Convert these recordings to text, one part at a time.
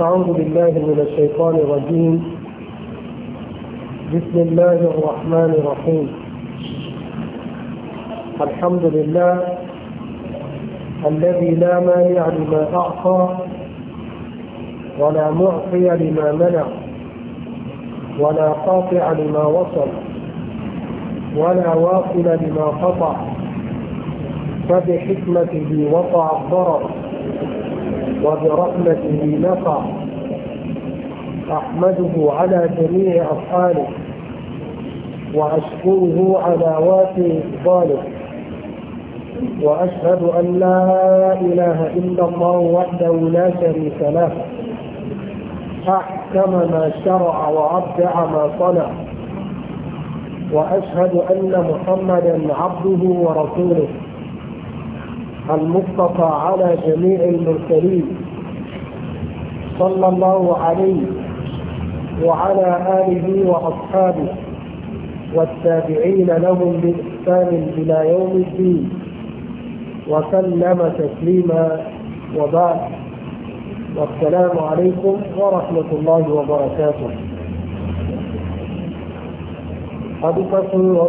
أعوذ بالله من الشيطان الرجيم بسم الله الرحمن الرحيم الحمد لله الذي لا مانع لما أعطى ولا معطي لما منع ولا قاطع لما وصل ولا واصل لما قطع فبحكمته وقع الضرر وبرحمته نقى أحمده على جميع أفعاله وأشكره على وافي إقباله وأشهد أن لا إله إلا الله وحده لا شريك له أحكم ما شرع وأبدع ما صنع وأشهد أن محمدا عبده ورسوله المصطفى على جميع المرسلين صلى الله عليه وعلى آله وأصحابه والتابعين لهم بإحسان إلى يوم الدين وسلم تسليما وبعد والسلام عليكم ورحمة الله وبركاته. أبي تصوير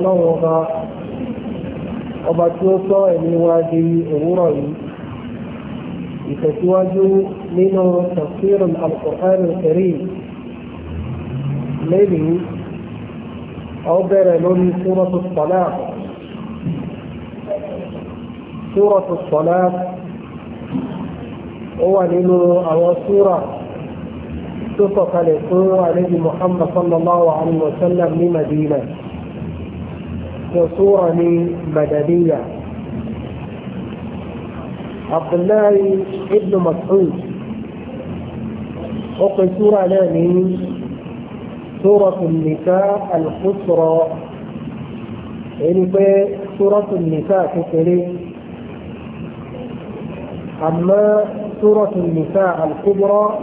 ọba tí ó sọ ẹ̀mí wa di òwúrọ̀ yìí ìtẹ̀síwájú nínú tafsirul al-Qur'an al-Karim lẹ́yìn ọ bẹ̀rẹ̀ lórí súrọ̀tù Talaq súrọ̀tù Talaq ó wà nínú àwọn súrà tó sọ̀kalẹ̀ fún àlejò Muhammad sallallahu alaihi wa sallam ní Madina. وسورة مدنية عبد الله ابن مسعود وقل سورة لاني سورة النساء القصرى يعني في سورة النساء كثيرين أما سورة النساء الكبرى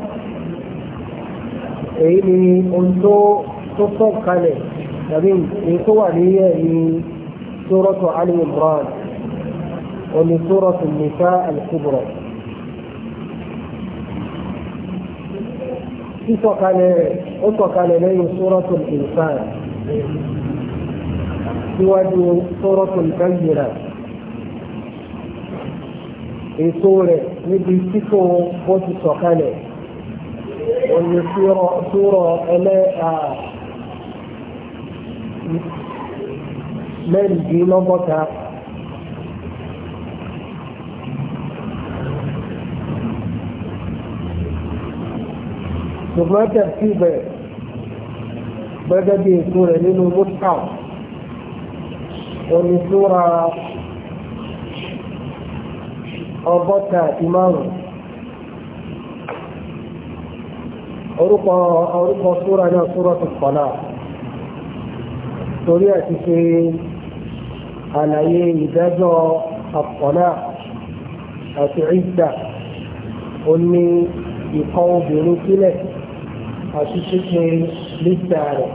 يعني أنتو تصدق عليه tàbí èyí tó wà ní ẹ̀yìn suratu Ali Imran oní suratu Nisa al-Kubra. sísọ̀kalẹ̀ ó sọ̀kalẹ̀ lẹ́yìn suratu Insan síwájú suratu Bayyina èso rẹ̀ níbi títò bó ti sọ̀kalẹ̀ oní sura ẹlẹ́ àà mẹ́rìndínlọ́gọ́ta. ṣùgbọ́n tẹ̀sí bẹ̀rẹ̀ gbẹ́gẹ́ bí ètò rẹ̀ nínú mọ́tà oní súra ọgọ́ta àti márùn-ún orúkọ orúkọ súra náà súra tó kọ̀ náà torí àti ṣe àlàyé ìdájọ́ àpọ̀nà àti ìdà ó ní ìkọ́ obìnrin sílẹ̀ àti ṣíṣe lítà rẹ̀.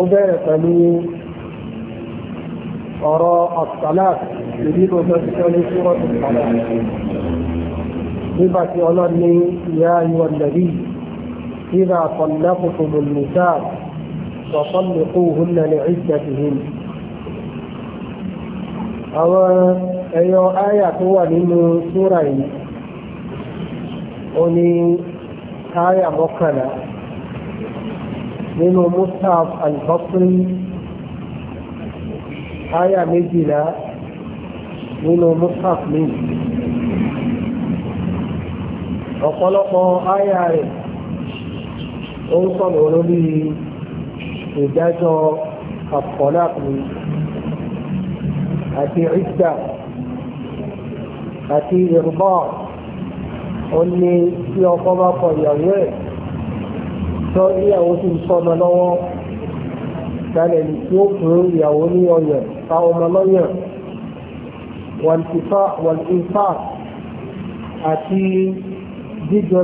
ó bẹ̀rẹ̀ pẹ̀lú ọ̀rọ̀ àpọ̀nà ìdí tó bẹ́ẹ̀ ti sọ ní súnmọ́ ìpàdà nígbà tí ọlọ́ni ìyá ayọ̀ lẹ́yìn إذا طلقتم النساء فطلقوهن لعدتهن àwọn ẹyọ áyà tó wà nínú súra yìí ó ní áyà mọ́kànlá nínú mustaf al-bakri áyà méjìlá nínú mustaf mi ọ̀pọ̀lọpọ̀ áyà rẹ̀ ó ń sọ̀rọ̀ lórí ìdájọ́ àpọ̀lápùn àti ìdá àti ìrùbọ̀ ó ní tí ọkọ bá kọ ìyàwó ẹ̀ tó ìyàwó sì ń sọmọ lọ́wọ́ ìdálẹ̀ ní tí ó fún ìyàwó ní ọyàn táwọn ọmọ lọ́yàn wọ̀n ìfà àti jíjọ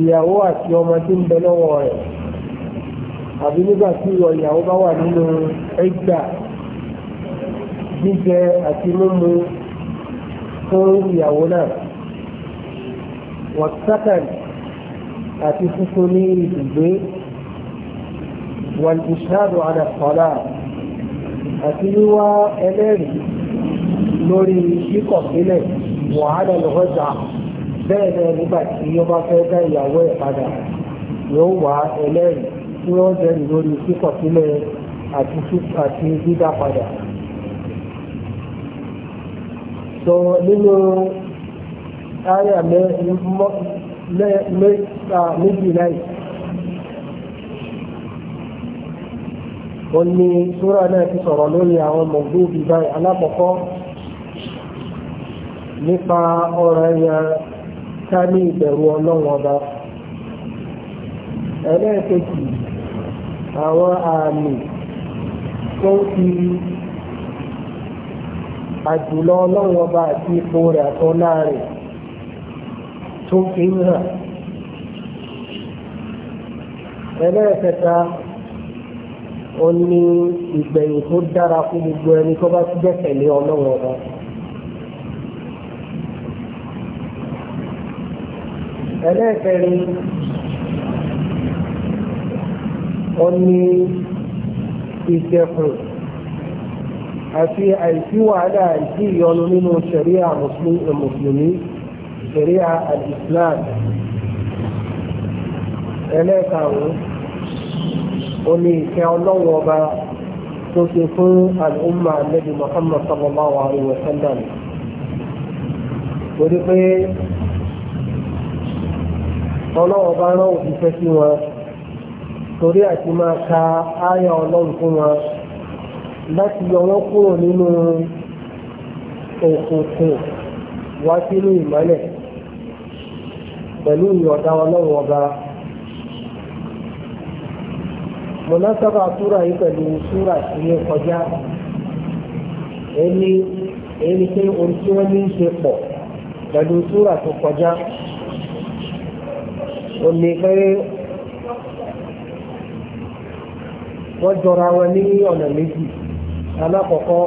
ìyàwó àti ọmọ tí ń bẹ lọ́wọ́ rẹ̀ àbí nígbà tí ìwọ ìyàwó bá wà nínú ẹgbà jíjẹ àti mímu fún ìyàwó náà wọ́tákàn àti fífún ní ibùgbé wọ́n ìṣáàdù àdàkọ́lá àti wíwá ẹlẹ́rìí lórí kíkọ̀ sílẹ̀ wàhálà lọ́gọ́ta bẹ́ẹ̀ náà nígbà tí ó bá fẹ́ dá ìyàwó ẹ̀ padà yóò wá ẹlẹ́rìí tí wọ́n jẹ́rìí lórí kíkọ̀sílẹ̀ àti dídá padà. sọ nínú àyà méjì náà ó ní súrà náà ti sọ̀rọ̀ lórí àwọn mọ̀gbóòbí báyìí alákọ̀ọ́kọ́ nípa ọ̀rọ̀ ẹ̀yà ká ní ìbẹ̀rù ọlọ́run ọba ẹlẹ́ẹ̀kejì àwọn àmì tó ń fi àjùlọ ọlọ́run ọba àti ipò rẹ̀ àtọ́lá rẹ̀ tó fi ń hàn ẹlẹ́ẹ̀kẹta ó ní ìgbẹ̀yìn tó dára fún gbogbo ẹni tó bá ti gbẹ́kẹ̀lé ọlọ́run ọba. ẹlẹ́ẹ̀kẹrin ó ní ìṣẹ̀kùn àti àìsí wàhálà àìsí ìyọnu nínú ṣẹ̀ríà mùsùlùmí eh, ṣẹ̀ríà al-Islam ẹlẹ́ẹ̀karùn-ún ó ní ìkẹ́ ọlọ́wọ́ ọba tó ṣe fún al'umma nabi Muhammad sallallahu alaihi wa sallam torí pé ọlọ́wọ́ bá rán òṣìṣẹ́ sí wọn torí àti máa ka áyà ọlọ́run fún wọn láti yọ wọn kúrò nínú òkùnkùn wá sínú ìmọ́lẹ̀ pẹ̀lú ìyọ̀dá ọlọ́run ọba. mọ̀nàsábà súra yìí pẹ̀lú súra tí ó kọjá ẹni ẹni pé ohun tí wọ́n ní í ṣe pọ̀ pẹ̀lú súra tó kọjá ó ní pé wọ́n jọra wọn ní ọ̀nà méjì alákọ̀ọ́kọ́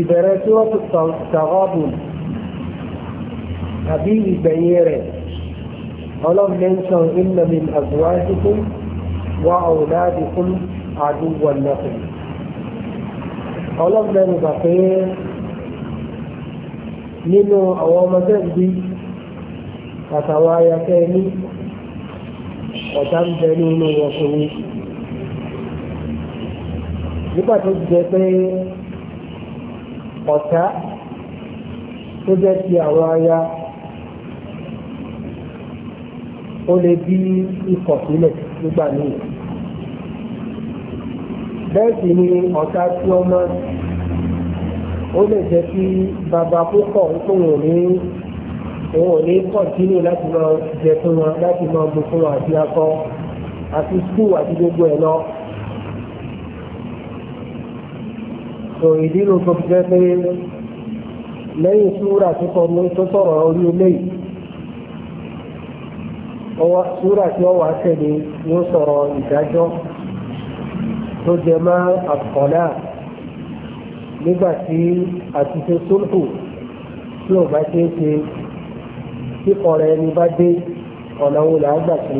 ìbẹ̀rẹ̀ tí wọ́n ti tàgọ́bù àbí ìgbẹ̀yìn rẹ̀ ọlọ́run mẹ́ńsàn ìnàmì àzùwájúkún wà ọ̀làdìkún àdúgbò lọ́kùn ọlọ́run mẹ́nu pé nínú àwọn ọmọdé bíi àtàwọn ayakẹ́ ní ọ̀tá ń bẹ nínú ọkùnrin nígbà tó jẹ pé ọ̀tá tó jẹ́ ti àwọn aya ó lè bí ikọ̀ sílẹ̀ nígbà míì bẹ́ẹ̀ sì ni ọ̀tá tí ọmọ ó lè jẹ́ kí bàbá púpọ̀ tóun ní òun ò ní kọ̀tínú láti máa jẹ fún wọn láti máa mú fún wọn àti akọ àti skul àti gbogbo ẹ̀ lọ. sọ ìdí ló tó fi jẹ́ pé lẹ́yìn súwúrà tó kọ mú tó sọ̀rọ̀ orí eléyìí ọwọ́ súwúrà tí wọ́n wà tẹ̀lé yóò sọ̀rọ̀ ìdájọ́ tó jẹ mọ́ àkọ́lá nígbà tí àtúnṣe sólùkù tí ò bá ṣeé ṣe. tí kọ̀ọ̀rọ̀ ẹni bá dé ọ̀nà wo là gbà pé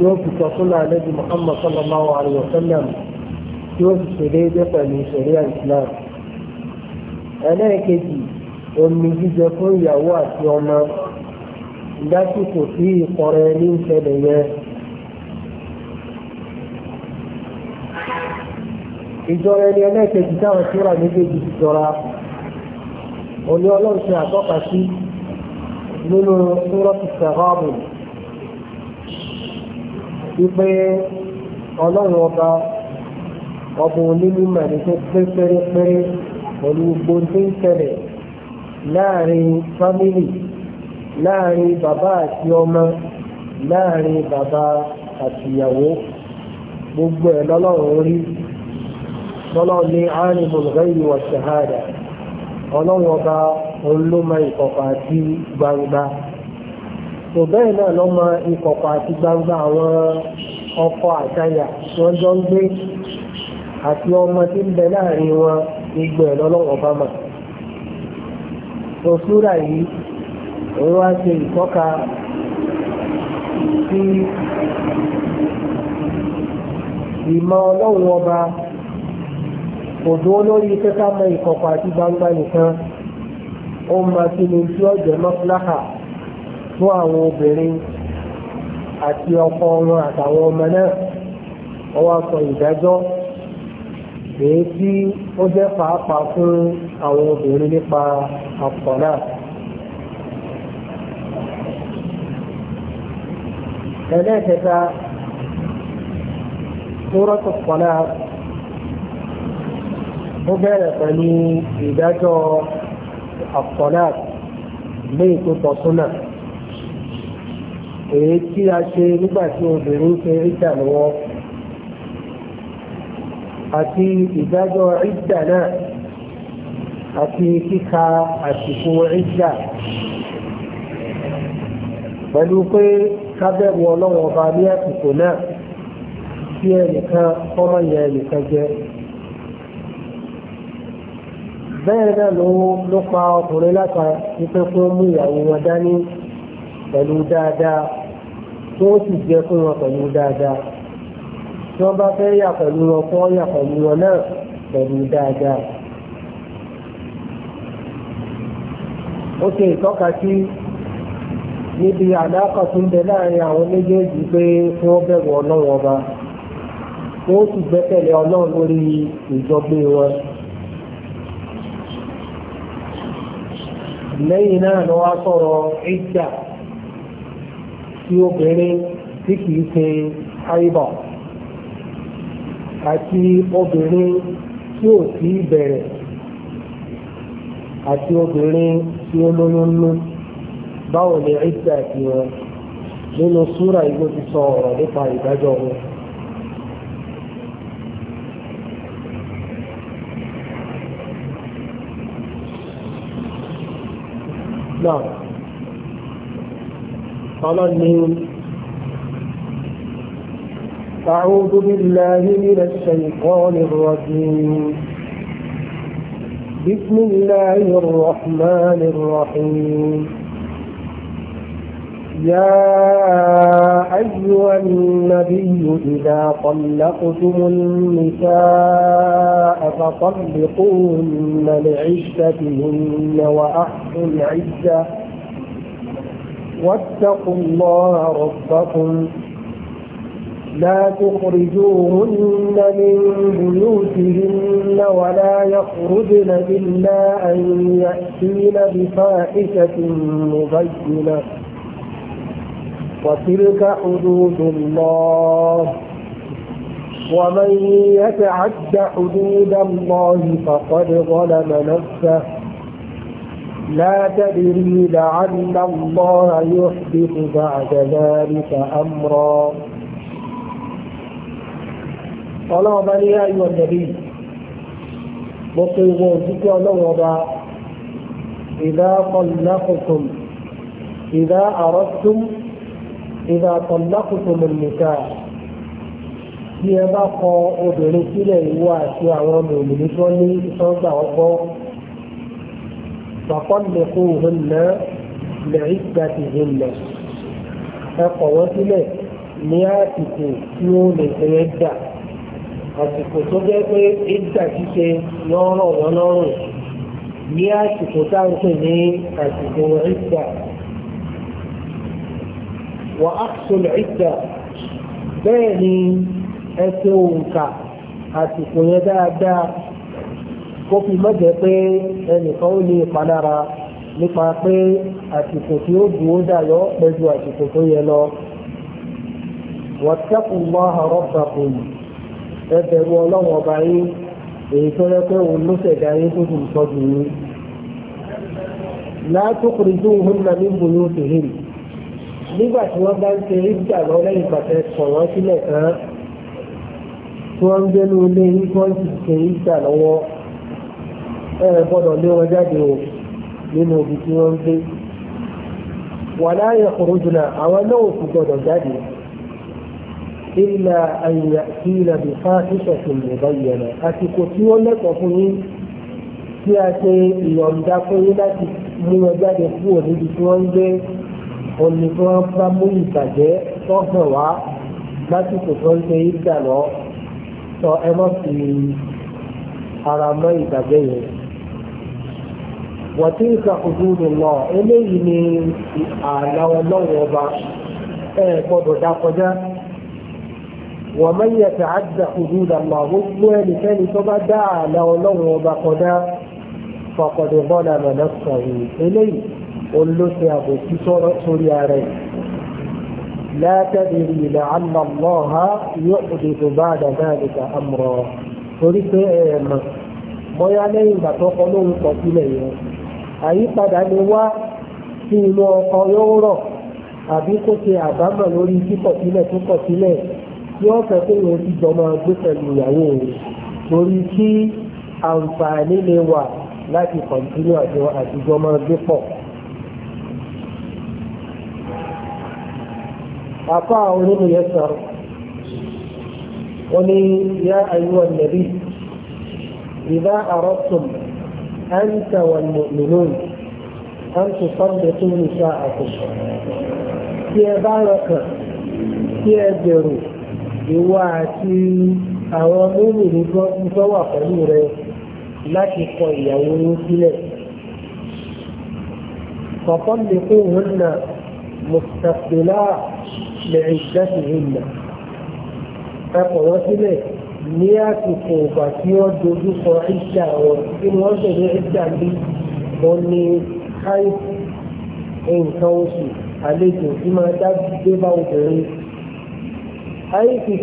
yóò fi sọ fún náà lẹ́bi Muhammad sallallahu alayhi wa sallam yóò fi ṣe déédéé pẹ̀lú ẹlẹ́ẹ̀kejì omi jíjẹ fún ìyàwó àti ọmọ yẹn ìjọra ẹni ẹlẹ́ẹ̀kejì táwọn méjèèjì jọra òní ọlọ́run ṣe àtọ́ka sí. nínú súrọ́tù sàgáàbù wípé ọlọ́run ọba ọba onílù màdé tó pé pérépéré pẹ̀lú gbòǹdé ìṣẹ̀lẹ̀ láàrin fámìlì láàrin bàbá àti ọmọ láàrin bàbá àti ìyàwó gbogbo ẹ̀ lọ́lọ́run rí lọ́lọ́run ní àánimù lọ́yìn wọ̀ ṣàhádà ọlọ́run ọba. òun ló ati ìkọ̀kọ̀ àti gbangba kò bẹ́ẹ̀ náà ló mọ ìkọ̀kọ̀ àti gbangba àwọn ọkọ àtayà wọ́n jọ ń gbé àti ọmọ tí ń bẹ láàrin wọn gbogbo ẹ̀ lọ́lọ́wọ́ bá mà òṣùrà yìí òun wá ṣe ìtọ́ka sí ìmọ̀ ọlọ́run ọba kò lórí gbangba nìkan. ó máa kí ni tí ó jẹ́ mọ́fúláhà fún àwọn obìnrin àti ọkọ wọn àtàwọn ọmọ náà wọ́n wá sọ ìdájọ́ èyí tí ó jẹ́ pàápàá fún àwọn obìnrin nípa àpọ̀ náà. ẹlẹ́ẹ̀kẹta pọ̀ náà ó bẹ̀rẹ̀ pẹ̀lú àpọ̀lá léyìn tó tọ́ súnà èyí tí a ṣe nígbà tí obìnrin ṣe ìdà lọ́wọ́ àti ìdájọ́ ìdà náà àti kíka àsìkò ìdà pẹ̀lú pé kábẹ́rù ọlọ́wọ́ ọba ní àsìkò náà tí ẹnìkan kọ́mọ̀yẹ ẹnìkan jẹ́ bẹ́ẹ̀ náà ló pa ọkùnrin láta wípé mú ìyàwó wọn dání pẹ̀lú dáadáa tó sì jẹ́ fún wọn pẹ̀lú dáadáa tí wọ́n bá fẹ́ yà pẹ̀lú wọn kó yà pẹ̀lú wọn náà pẹ̀lú dáadáa. ó ṣe ìtọ́ka sí níbi àdáàkà tó ń bẹ láàrin àwọn méjèèjì pé kí wọ́n bẹ̀rù ọlọ́run ọba sì gbẹ́kẹ̀lé ọlọ́run lẹ́yìn náà ni wọ́n sọ̀rọ̀ ìjà tí obìnrin tí kìí ṣe àìbọ̀ àti obìnrin tí ò sí bẹ̀rẹ̀ àti obìnrin tí ó lóyún báwo ni ìjà ti wọn nínú súrà ìgbó ti sọ ọ̀rọ̀ nípa قال ọlọ́ni أعوذ بالله من الشيطان الرجيم بسم الله الرحمن الرحيم يا أيها النبي إذا طلقتم النساء فطلقوهن لعشتهن وأحصوا العزة واتقوا الله ربكم لا تخرجوهن من بيوتهن ولا يخرجن إلا أن يأتين بفاحشة مبينة وتلك حدود الله ومن يتعد حدود الله فقد ظلم نفسه لا تدري لعل الله يحدث بعد ذلك أمرا ọlọ́run bá ní ayọ̀ nẹ̀bí mo pe ìwọ òjíṣẹ́ ọlọ́run ọba ìdá ìdá àrọ́tún إذا طلقتم النساء bí ẹ bá kọ obìnrin sílẹ̀ ìwọ àti àwọn ọmọ òmìnir tó ní ìsọ́gbà ọgbọ́ pàpọ́nlẹ̀kùn òhun náà lẹ́yìn ìgbà tí ìhun lẹ̀ ẹ kọ̀ wọ́n sílẹ̀ ní àsìkò tí ó lè fẹ́ dà àsìkò tó jẹ́ pé ìgbà ṣíṣe lọ́rọ̀ wọn lọ́rùn ní àsìkò táwọn pè ní àsìkò ìgbà. وأقصوا العدة بيني أتونك àsìkò yẹn dáadáa kó fi mọ́jẹ́ pé ẹnìkan ó lè palára nípa pé àsìkò tí ó dùn ó dàyọ́ pẹ̀lú àsìkò tó yẹ lọ. wọ́tẹ́kùn wá ọ̀rọ̀ gbàgbọ́ yìí ẹ bẹ̀rù ọlọ́wọ́n ọba yín èyí tó yẹ pé òun ló ṣẹ̀dá yín tó dùn sọ́dún yín. látòkùnrin dùn hún nàmí bùnú tèhìn nígbà tí wọ́n bá ń ṣe rígbà lọ lẹ́yìn pàtẹ sọ̀rọ̀ sílẹ̀ kan tí wọ́n ń gbénú ilé wọ́n ti ṣe rígbà lọ́wọ́ ẹ gbọ́dọ̀ lé wọn jáde o nínú ibi tí wọ́n ń gbé wà láàyè kòrójúnà àwọn náà kò gbọ́dọ̀ jáde ilà àyà sí ìlànà fáṣíṣọ̀tún ìbáyẹ̀nà àsìkò tí wọ́n lẹ́kọ̀ọ́ fún yín tí a ṣe ìyọ̀ǹda fún yín láti mú wọn jáde kúrò níbi tí wọ́n ń gbé òní tí wọ́n bá mú ìbàjẹ́ tó hàn wá lásìkò tó ń ṣe ìgbà lọ sọ ẹ má fi ara mọ́ ìbàjẹ́ yẹn. wọ́n ti ń ka òdúró lọ eléyìí ni ààlà ọlọ́wọ́ ọba ẹ gbọ́dọ̀ dá kọjá. wọ́n máa ń yẹ ká àdá òdúró lọ gbogbo ẹnikẹ́ni tó bá dá ààlà ọlọ́wọ́ ọba kọjá fọkọ̀dé bọ́dà mọ̀ lọ́sọ̀rọ̀ eléyìí olóṣe àbòsí sórí ààrẹ látàdìrí ilẹ̀ aláàlọ́ha yóò òdòdó bá àdàdáàdìkà àmúrọ̀ torí pé ẹ̀ẹ̀mọ̀ bóyá lẹ́yìn ìgbà tó kọ lóhun kọ sílẹ̀ yẹn àyípadà lè wá sí inú ọkọ yóò rọ̀ àbí kó ṣe àbámọ̀ lórí kíkọ̀ sílẹ̀ tó kọ̀ sílẹ̀ tí wọ́n fẹ́ pé òun ti jọmọ gbé pẹ̀lú ìyàwó rẹ̀ torí kí àǹfààní lè wà láti kọ̀ǹtínú àjọ àtijọ́ máa gbé pọ̀. أطاع من يسر ولي يا أيها النبي إذا أردتم أنت والمؤمنون أن تصدقوا نساءكم في بارك في أجر ìwáàtí àwọn mọ́mìnì gan tó wà pẹ̀lú rẹ láti kọ ìyàwó yín sílẹ̀. kọ̀kọ́ lè fún òun náà mùsàkìláà لعدتهن e wọn sílẹ̀ ní àsìkò ìgbà tí wọ́n dojú kọ ìjà wọn kí ni wọ́n tẹ̀lé ìjà bí wọ́n ní káì nǹkan oṣù àlejò tí máa dá dé bá obìnrin. ayé ti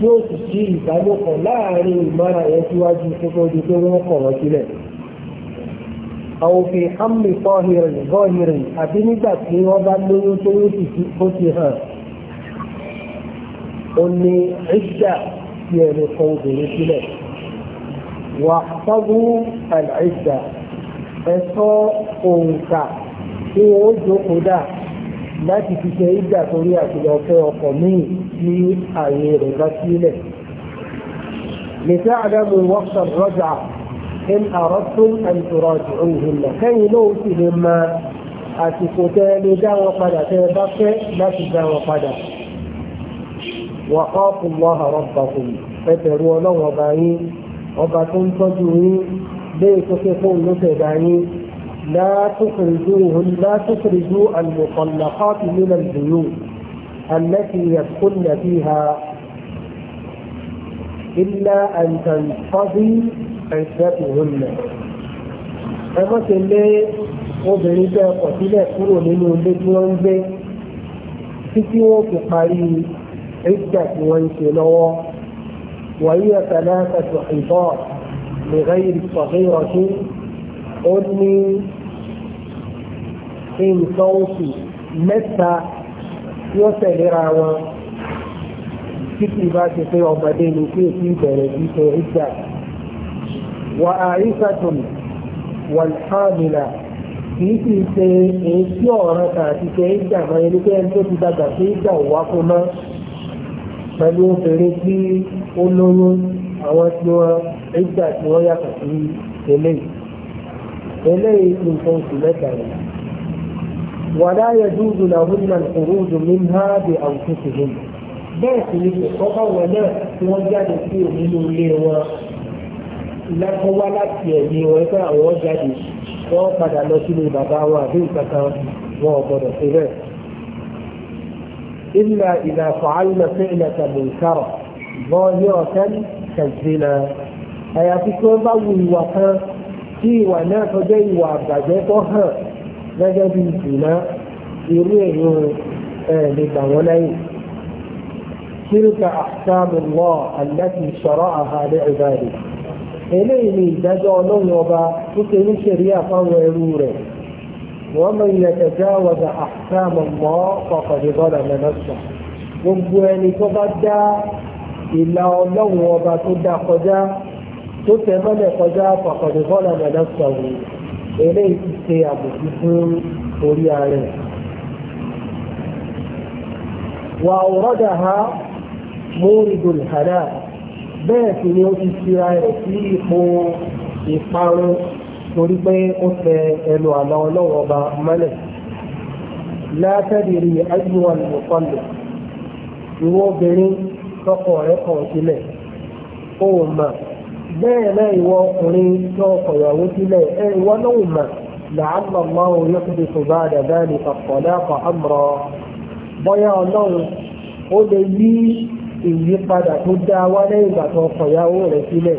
tí ó sì ṣe ìbálòpọ̀ láàrin ìmára ẹ̀ síwájú kókó di pé wọ́n kọ̀ wọ́n sílẹ̀. àwọn òfin hamlin kọ́hìnrìn gọ́hìnrìn àti nígbà tí wọ́n bá lóyún tó yóò sì fi ó ti hàn. ó ní ìjà tí ẹni kọ obìnrin sílẹ̀. wà á tọ́jú àìsà ẹ̀sọ́ òǹkà tí wọ́n jókòó dáa láti fi ṣe ìgbà torí àtìlọ fẹ́ ọkọ̀ míì tí ààyè rẹ̀ bá sílẹ̀. لتعلم وقت الرجعة إن أردتم أن تراجعوهن كي لوتهما أتكتان دعوة قد أتبقى لا تدعوة قد وخافوا الله ربكم فتروا له وبعين وبعتم تجوين بيتك كل تدعين لا تخرجوهن لا تخرجوا المطلقات من البيوت التي يدخلن فيها إلا أن تنقضي عدتهن ẹgbọ́n ti lé obìnrin tẹ́ ọkọ̀ sílẹ̀ kúrò nínú ilé tí wọ́n ń gbé títí wọ́n fi parí ìgbà tí wọ́n ń ṣe lọ́wọ́ wàyí ẹ̀ka náà kẹsàn-án ìbọ̀ nìkan yìí sọ̀rọ̀ ìrọ̀tún ó ní nǹkan oṣù mẹ́ta yóò tẹ̀léra wọn títí bá ti pé ọmọdé ni kí èsì ìbẹ̀rẹ̀ sí ṣe ìjà wà àríṣàtùn wàlhàmìlà kìí sì ṣe èyí tí ọ̀ràn kan àti ṣe ìjà mọ́ ẹni pé ẹni tó ti dàgbà sí ìjà òwá fún mọ́ pẹ̀lú obìnrin tí ó lóyún àwọn tí wọ́n ìjà tí wọ́n yàtọ̀ sí eléyìí eléyìí nǹkan oṣù mẹ́ta rẹ̀. ولا يجوز لهن الخروج منها بأنفسهن bẹ́ẹ̀ sì ni kọ́kọ́ wọn náà tí wọ́n jáde sí nínú ilé wọn lẹ́kọ́ wá láti ẹ̀mí wọn pé àwọn jáde wọ́n padà lọ sínú bàbá wọn àbí nǹkan wọn ò gbọdọ̀ sí bẹ́ẹ̀. إلا إذا فعلنا فعلة منكرة ظاهرة كالزنا àyàfi tí wọ́n bá wu ìwà kan tí ìwà náà tọ́jú ìwà àgbàjẹ́ tó hàn gẹ́gẹ́ bí ìdùnnà irú èyí ẹ̀ẹ́dì gbàwọ́n lẹ́yìn. تلك أحكام الله التي شرعها لعباده eléyìí ni ìdájọ́ ọlọ́run ọba tó ṣe ní ṣẹ̀ríà fáwọn ẹrú rẹ̀ wọ́n mọ ilẹ̀ tẹ̀já wọ̀dà àkàmọ̀ mọ́ pàpàdé bọ́dà mẹ́lọ́sà gbogbo ẹni tó bá dá ìlà ọlọ́run ọba tó dá kọjá tó tẹ̀ mọ́lẹ̀ kọjá pàpàdé bọ́dà mẹ́lọ́sà wò eléyìí ti ṣe àbùkù fún orí ààrẹ. wà ọ̀rọ̀dà ha múrìdò ìhàdà bẹ́ẹ̀ sì ni ó ti ṣe ààrẹ sí ipò ìparun torí pé ó tẹ ẹnu àlá ọlọ́run ọba mọ́lẹ̀ látàdìrí ayúwa nìkanlẹ̀ ìwọ obìnrin tọkọ rẹ̀ kàn sílẹ̀ ó bẹ́ẹ̀ náà ìwọ ọkùnrin tí ọkọ ìyàwó sílẹ̀ ẹ ìwọ náà mà làálọ̀ máa ń yọkùnrin tó bá dàgbà ní kàkọ́dá kọ́ àmọ́ bọ́yá ọlọ́run ó lè yí ìyípadà tó dá wá lẹ́yìn ìgbà tó ọkọ ìyàwó rẹ̀ sílẹ̀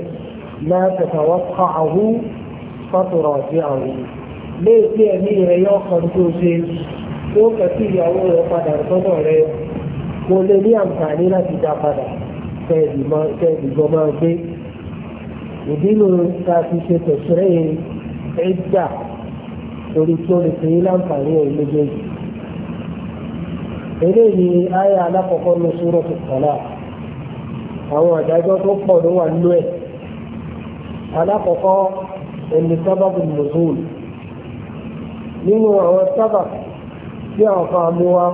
látẹ̀tẹ̀ wọ́n kọ́ àwú fọ́tòrọ̀ sí àwọn léèké ẹ̀mí rẹ̀ yọ ọkàn tó ṣe tó kẹ́kí ìyàwó rẹ̀ padà sọ́dọ̀ rẹ̀ kó lè ní àǹfààní láti dá padà kẹ́ẹ̀dì gbọ́ máa gbé ìdí nu ta fi ṣe tẹ̀sírẹ́ ẹ̀dà torí tí ó lè fi yín láǹfààní ẹ̀ méjèèjì. eléyìí ni àyà alákọ̀ọ́kọ́ ní sùúrọ̀ tó kọ̀ọ̀lá àwọn àdájọ́ tó pọ̀ ló wà nínú ẹ̀ alákọ̀ọ́kọ́ ẹni sábàbù nùzùl nínú àwọn sábà tí àwọn kan mú wa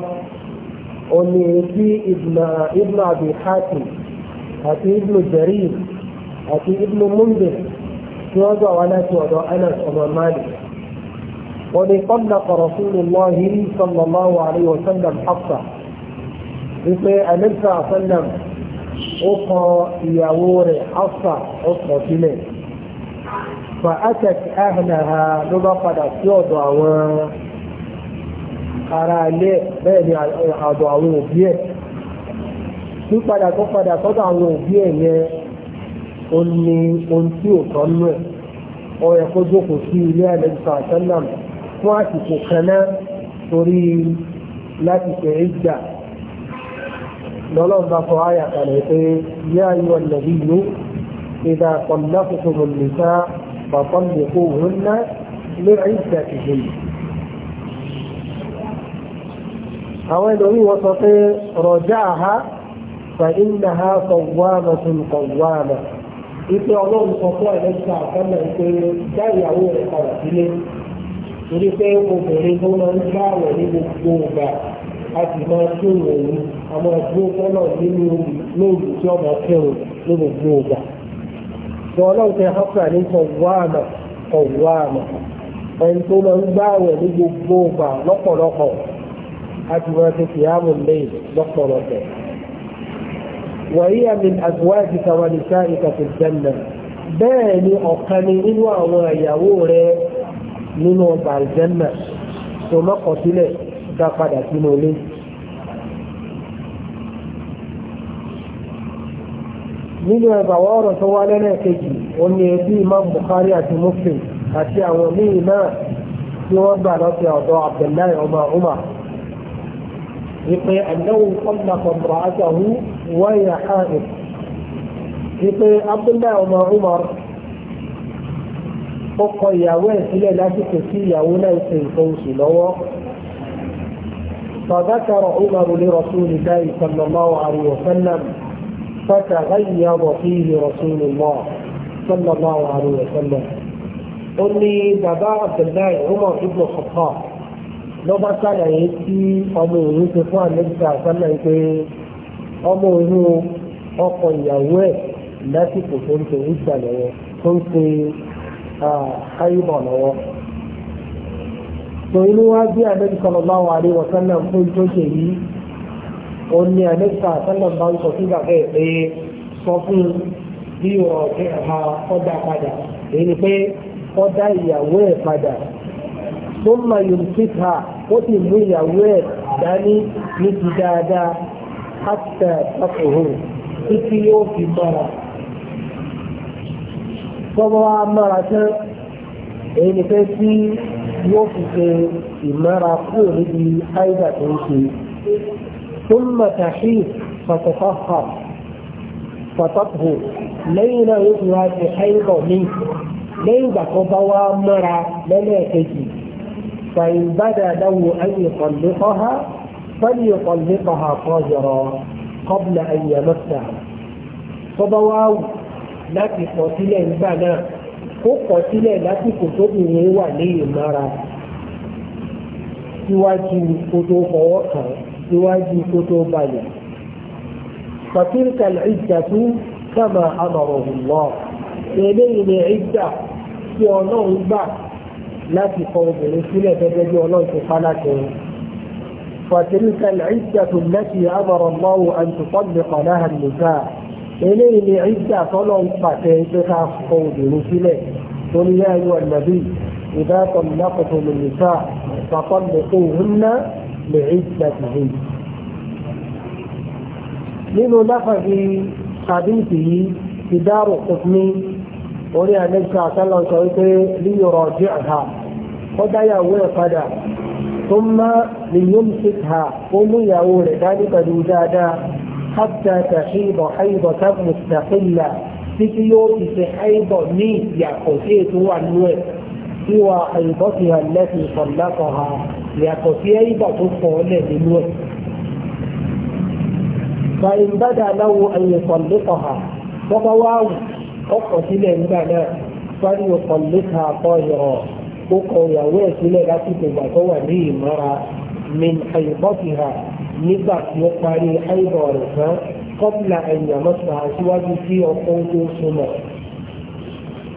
òní bí ibùnà àbí hàtì àti ibùnà jẹ̀rìí àti ibn mundir tí wọ́n gbà wá láti ọ̀dọ̀ anas ọmọ mali wọ́n ní kọ́nà kọ̀rọ̀fúnni lọ́hìn sọ́lọ́láwà àríwọ̀ sọ́ndàm hafsa wípé anisa sọ́ndàm ó kọ ìyàwó rẹ̀ hafsa ó kọ̀ sílẹ̀ فأتت أهلها لبقد أسيود عوان أرى لي بيني أدعوه بيه تقدر تقدر تدعوه بيه ó ní ohun tí ò tọ́ nú ẹ̀ ó yẹ kó jókòó sí ilé àlejò àtẹ́nà fún àsìkò kan náà torí láti ṣe é jà lọ́lọ́run bá fọ àyà kalẹ̀ pé yá ayọ̀ nàbí yó إذا طلقتم النساء فطلقوهن لعدتهن àwọn ìlòrí wọ́n sọ pé rọjá àhá fa innaha qawwamatun qawwamah ipe ọlọ́run sọ fún ẹ̀lẹ́sìn àkọ́lẹ̀ pé dá ìyàwó rẹ̀ padà sílé torí pé obìnrin tó máa ń bá àwẹ̀ ní gbogbo ìgbà a sì máa tún òun a máa fọ́nà nínú lóòlù tí ọmọ ní gbogbo ìgbà. wàyíyà min azwajika wa nisa'ika fil janna bẹ́ẹ̀ ni ọ̀kan ni nínú àwọn ìyàwó rẹ nínú ọgbà aljanna tó mọ́kọ̀ sílẹ̀ dá padà sínú ilé. nínú ẹgbà wọ́ọ̀rọ̀ tó wá lẹ́nà kejì ó ní ẹbí imam bukhari àti muslim àti àwọn míì náà tí wọ́n gbà lọ́sẹ̀ ọ̀dọ̀ abdullahi ọmọ umar wípé ẹ̀lẹ́wò ọ̀nàkọ̀ mọ̀ràájáwú wáyà káàdì wípé abdullahi ọmọ umar ó kọ ìyàwó ẹ̀ sílẹ̀ lásìkò tí ìyàwó náà ṣe nǹkan oṣù lọ́wọ́ فذكر عمر لرسول الله صلى الله عليه وسلم فتغيظ فيه رسول الله صلى الله عليه وسلم قل لي بابا عبد الله عمر بن الخطاب lọ́ba sàlàyé tí ọmọ òun ti fún àmẹ́ríkà sàlàyé pé ọmọ òun ọkọ ìyàwó ẹ̀ lásìkò tó ń ṣe ìgbà lọ́wọ́ tó ń ṣe àìmọ̀ lọ́wọ́. tó inú wá bí àmẹ́ríkà lọ́ba wà ní wọ̀sánà fún tó ṣe yìí ó ní àmẹ́ríkà sàlà bá ń sọ pé sọ fún bí ọ̀dà padà èyí ni ó sì mú ìyàwó ẹ̀ dání ní ti dáadáa áṣà àkòrò títí yóò fi mọ́ra. Bọ́bọ́ wa mọ́ra tán èyí ni fẹ́ sí yóò fi ṣe ìmọ́ra kúrò níbi áìdà tó ń ṣe. ثم تحيط فتطهر فتطهر لين يطلع في حيض منك لين بقضى ومرى لما تجي فإن بدا له أن يطلقها فليطلقها قاهرا قبل أن يمسها فضواو لا تقتل إنسانا قتل لا تقتل ولي مرة síwájú kótó fọwọ́ kan síwájú kótó balẹ̀. Fatilka al-iddatu kama amara Allah. Eléyìí ni ìdá tí ọlọ́run gbà láti kọ obìnrin sílẹ̀ gẹ́gẹ́ bí ọlọ́run ti pa láti rìn. فتلك العدة التي أمر الله أن تطلق لها النساء eléyìí ni ìjà tọ́lọ̀ ń pàṣẹ pé ká kọ obìnrin sílẹ̀ tó ní yá ìwà nàbí ìdáàtọ̀ lápapọ̀ lòlùsà pàpọ̀ lẹ́kọ̀ òhúnná lè ìjà tìhì. nínú láfàbí àdínkì yìí ti dárò orí àlẹ́sà àtàlọ́ sọ wípé líyọ̀rọ̀ jẹ́ àhà ó dáyàwó ẹ̀ padà tó má lèyún síta ó mú ìyàwó rẹ̀ dání pẹ̀lú dáadáa hàtà tàṣìbọ̀ àìbọ̀ tábù tàfìlà títí yóò ti ṣe àìbọ̀ ní ìyàtọ̀ sí ètò wà nú ẹ̀ tí wà àìbọ̀ fi hàn lẹ́sìn ìfọ̀lákọ̀ ha ìyàtọ̀ sí àìbọ̀ tó fọ̀ lẹ̀ nínú ẹ̀. فإن بدا له أن يطلقها فطواه ọkọ̀ sílẹ̀ nígbà náà sáré ọkọ̀ lẹ́ka akọ́ ìrọ̀ ó kọ ìyàwó ẹ̀ sílẹ̀ láti gbogbo àtọ́ wà ní ìmọ̀ra min àyùbọ́sìhà nígbà tí ó parí àyùbọ̀ rẹ̀ tán kọ́pìlà ẹ̀yàn mọ́ta síwájú sí ọkọ̀ tó súnmọ́.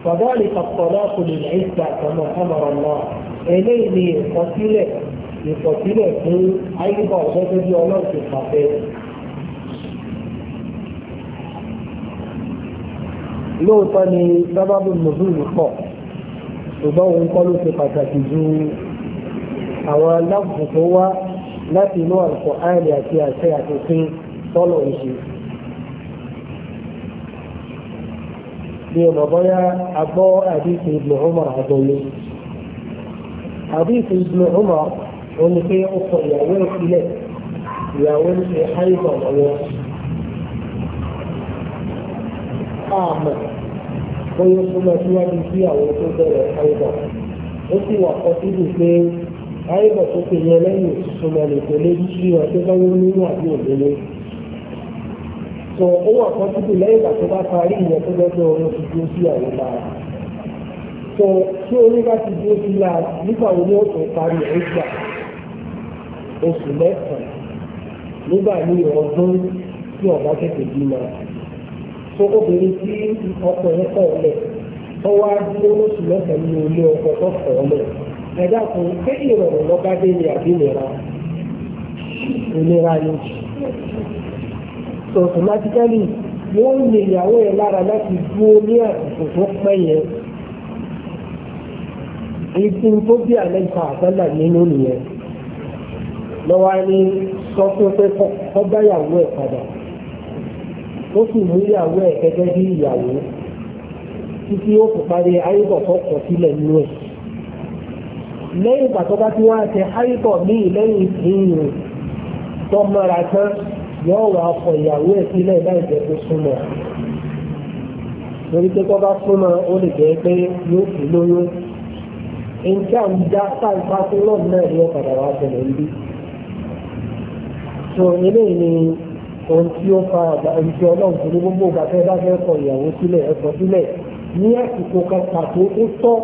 وذلك الطلاق للعزة كما أمر الله إليه قتيلة ìkọ̀sílẹ̀ fún àyíkọ̀ ọ̀sẹ̀ tó di ọlọ́run ti pàṣẹ lóòótọ́ ni sábàbù nùzúlù pọ̀ ṣùgbọ́n òun kọ́ ló ṣe pàtàkì ju àwọn aláàbò tó wá láti inú àlùkò àìrí àti àṣẹ àtòfin tọ́lọ̀ ń ṣe. bí ọmọ bọ́yá agbọ́ àdìsí ibn Umar àgbọ̀lé àdìsí ibn Umar òun ni ìyàwó ìpìlẹ̀ ìyàwó ìpìlẹ̀ àìsàn lọ́wọ́. àmọ̀ bóyá súnmọ́ síwájú sí àwọn tó bẹ̀rẹ̀ àìbọ̀ ó sì wà kọ́ síbi pé àìbọ̀ tó ti yẹ lẹ́yìn súnmọ́ lè tó lé sí ọ tó bá yóò nínú àbí òdélé. sọ ó wà kọ́ síbi lẹ́yìn ìgbà tó bá parí ìyẹn tó lọ́jọ́ orí ti dúró sí àwọn lára. sọ tí orí bá ti dúró sí la nígbà wo ni ó tó parí ẹ̀ oṣù mẹ́sàn-án nígbà ní ọdún tí ọ̀gá tètè bí tó obìnrin tí ọkọ kọ̀ lẹ̀ ọ wá dúró lóṣù mẹ́ta ní ilé ọkọ tó kọ̀ lẹ̀ ẹ̀dá pé ìrọ̀rùn dé ní ìlera ni automatically wọ́n ń lè ìyàwó yẹn lára láti dúró ní àsìkò tó pẹ́ yẹn ìsìn tó bí àlẹ́ ìfà àtàlà nínú nìyẹn lọ́wọ́ á ní sọ fún pé kọ́ ẹ̀ ó sì mú ìyàwó ẹ̀ gẹ́gẹ́ bí ìyàwó títí ó fi parí ayébọ̀ tó kọ̀ sílẹ̀ nínú ẹ̀. lẹ́yìn ìgbà tó bá ti wá ṣe ayébọ̀ míì lẹ́yìn ìhìn tó mọ́ra tán yóò wá ọkọ̀ ìyàwó ẹ̀ sílẹ̀ láì jẹ́ kó súnmọ́ lórí pé tó bá súnmọ́ ó lè jẹ́ pé yóò fi lóyún nǹkan àwọn sáìpá tó lọ́ọ̀ náà yóò padà wá ṣẹlẹ̀ níbí. so eléyìí ni ohun tí ó fa ìjọ ọlọ́run tó ní gbogbo ìgbà tẹ́ bá fẹ́ kọ ìyàwó sílẹ̀ ẹ̀kọ́ sílẹ̀ ní àsìkò kan pàtó ó tọ́